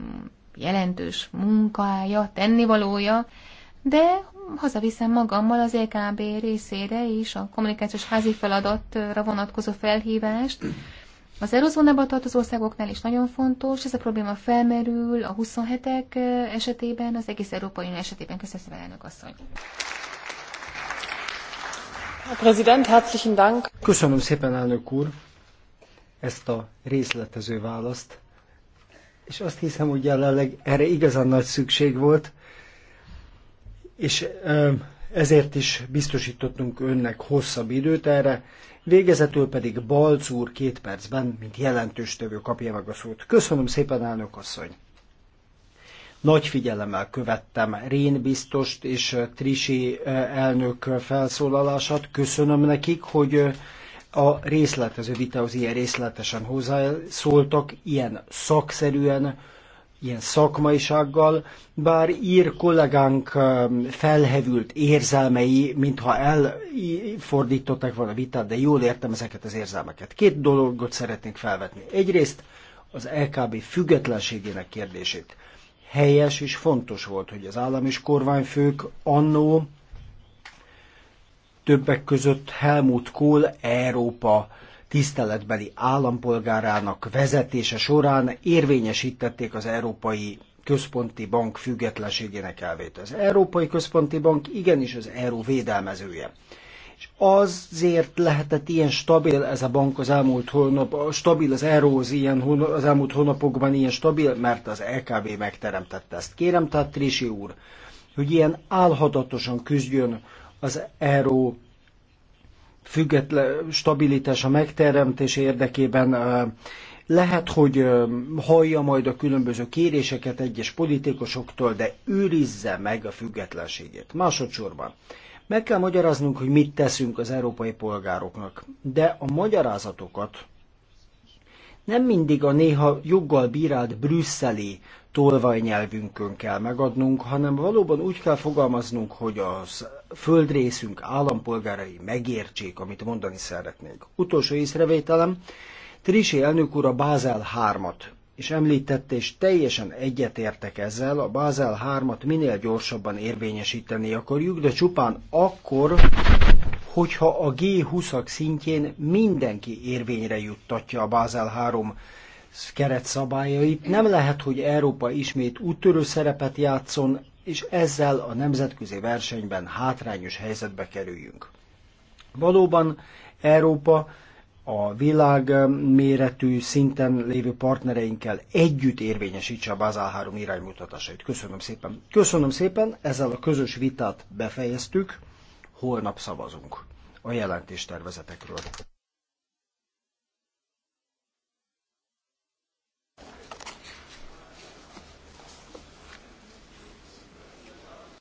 jelentős munkája, tennivalója, de hazaviszem magammal az EKB részére is a kommunikációs házi feladatra vonatkozó felhívást. Az eurozónába tartozó országoknál is nagyon fontos, ez a probléma felmerül a 27-ek esetében, az egész Európai Unió esetében. Köszönöm szépen, elnök asszony! herzlichen Dank! Köszönöm szépen, elnök úr, ezt a részletező választ és azt hiszem, hogy jelenleg erre igazán nagy szükség volt, és ezért is biztosítottunk önnek hosszabb időt erre, végezetül pedig Balc úr két percben, mint jelentős tövő kapja meg a szót. Köszönöm szépen, elnök asszony! Nagy figyelemmel követtem Rén biztost és Trisi elnök felszólalását. Köszönöm nekik, hogy a részletező vitához ilyen részletesen hozzászóltak, ilyen szakszerűen, ilyen szakmaisággal, bár ír kollégánk um, felhevült érzelmei, mintha elfordították volna a vitát, de jól értem ezeket az érzelmeket. Két dolgot szeretnék felvetni. Egyrészt az LKB függetlenségének kérdését. Helyes és fontos volt, hogy az állam és kormányfők annó többek között Helmut Kohl Európa tiszteletbeli állampolgárának vezetése során érvényesítették az Európai Központi Bank függetlenségének elvét. Az Európai Központi Bank igenis az euró védelmezője. És azért lehetett ilyen stabil ez a bank az elmúlt hónap, stabil az euró az, ilyen, az elmúlt hónapokban ilyen stabil, mert az LKB megteremtette ezt. Kérem tehát Trisi úr, hogy ilyen álhatatosan küzdjön az euró független stabilitása megteremtés érdekében lehet, hogy hallja majd a különböző kéréseket egyes politikusoktól, de őrizze meg a függetlenségét. Másodszorban meg kell magyaráznunk, hogy mit teszünk az európai polgároknak, de a magyarázatokat nem mindig a néha joggal bírált brüsszeli tolvajnyelvünkön kell megadnunk, hanem valóban úgy kell fogalmaznunk, hogy az földrészünk állampolgárai megértsék, amit mondani szeretnék. Utolsó észrevételem, Trisi elnök úr a Bázel 3-at és említette, és teljesen egyetértek ezzel, a Bázel 3-at minél gyorsabban érvényesíteni akarjuk, de csupán akkor, hogyha a G20-ak szintjén mindenki érvényre juttatja a Bázel 3 szabályait. Nem lehet, hogy Európa ismét úttörő szerepet játszon, és ezzel a nemzetközi versenyben hátrányos helyzetbe kerüljünk. Valóban Európa a világ méretű szinten lévő partnereinkkel együtt érvényesítse a Bázál 3 iránymutatásait. Köszönöm szépen. Köszönöm szépen, ezzel a közös vitát befejeztük, holnap szavazunk a jelentéstervezetekről.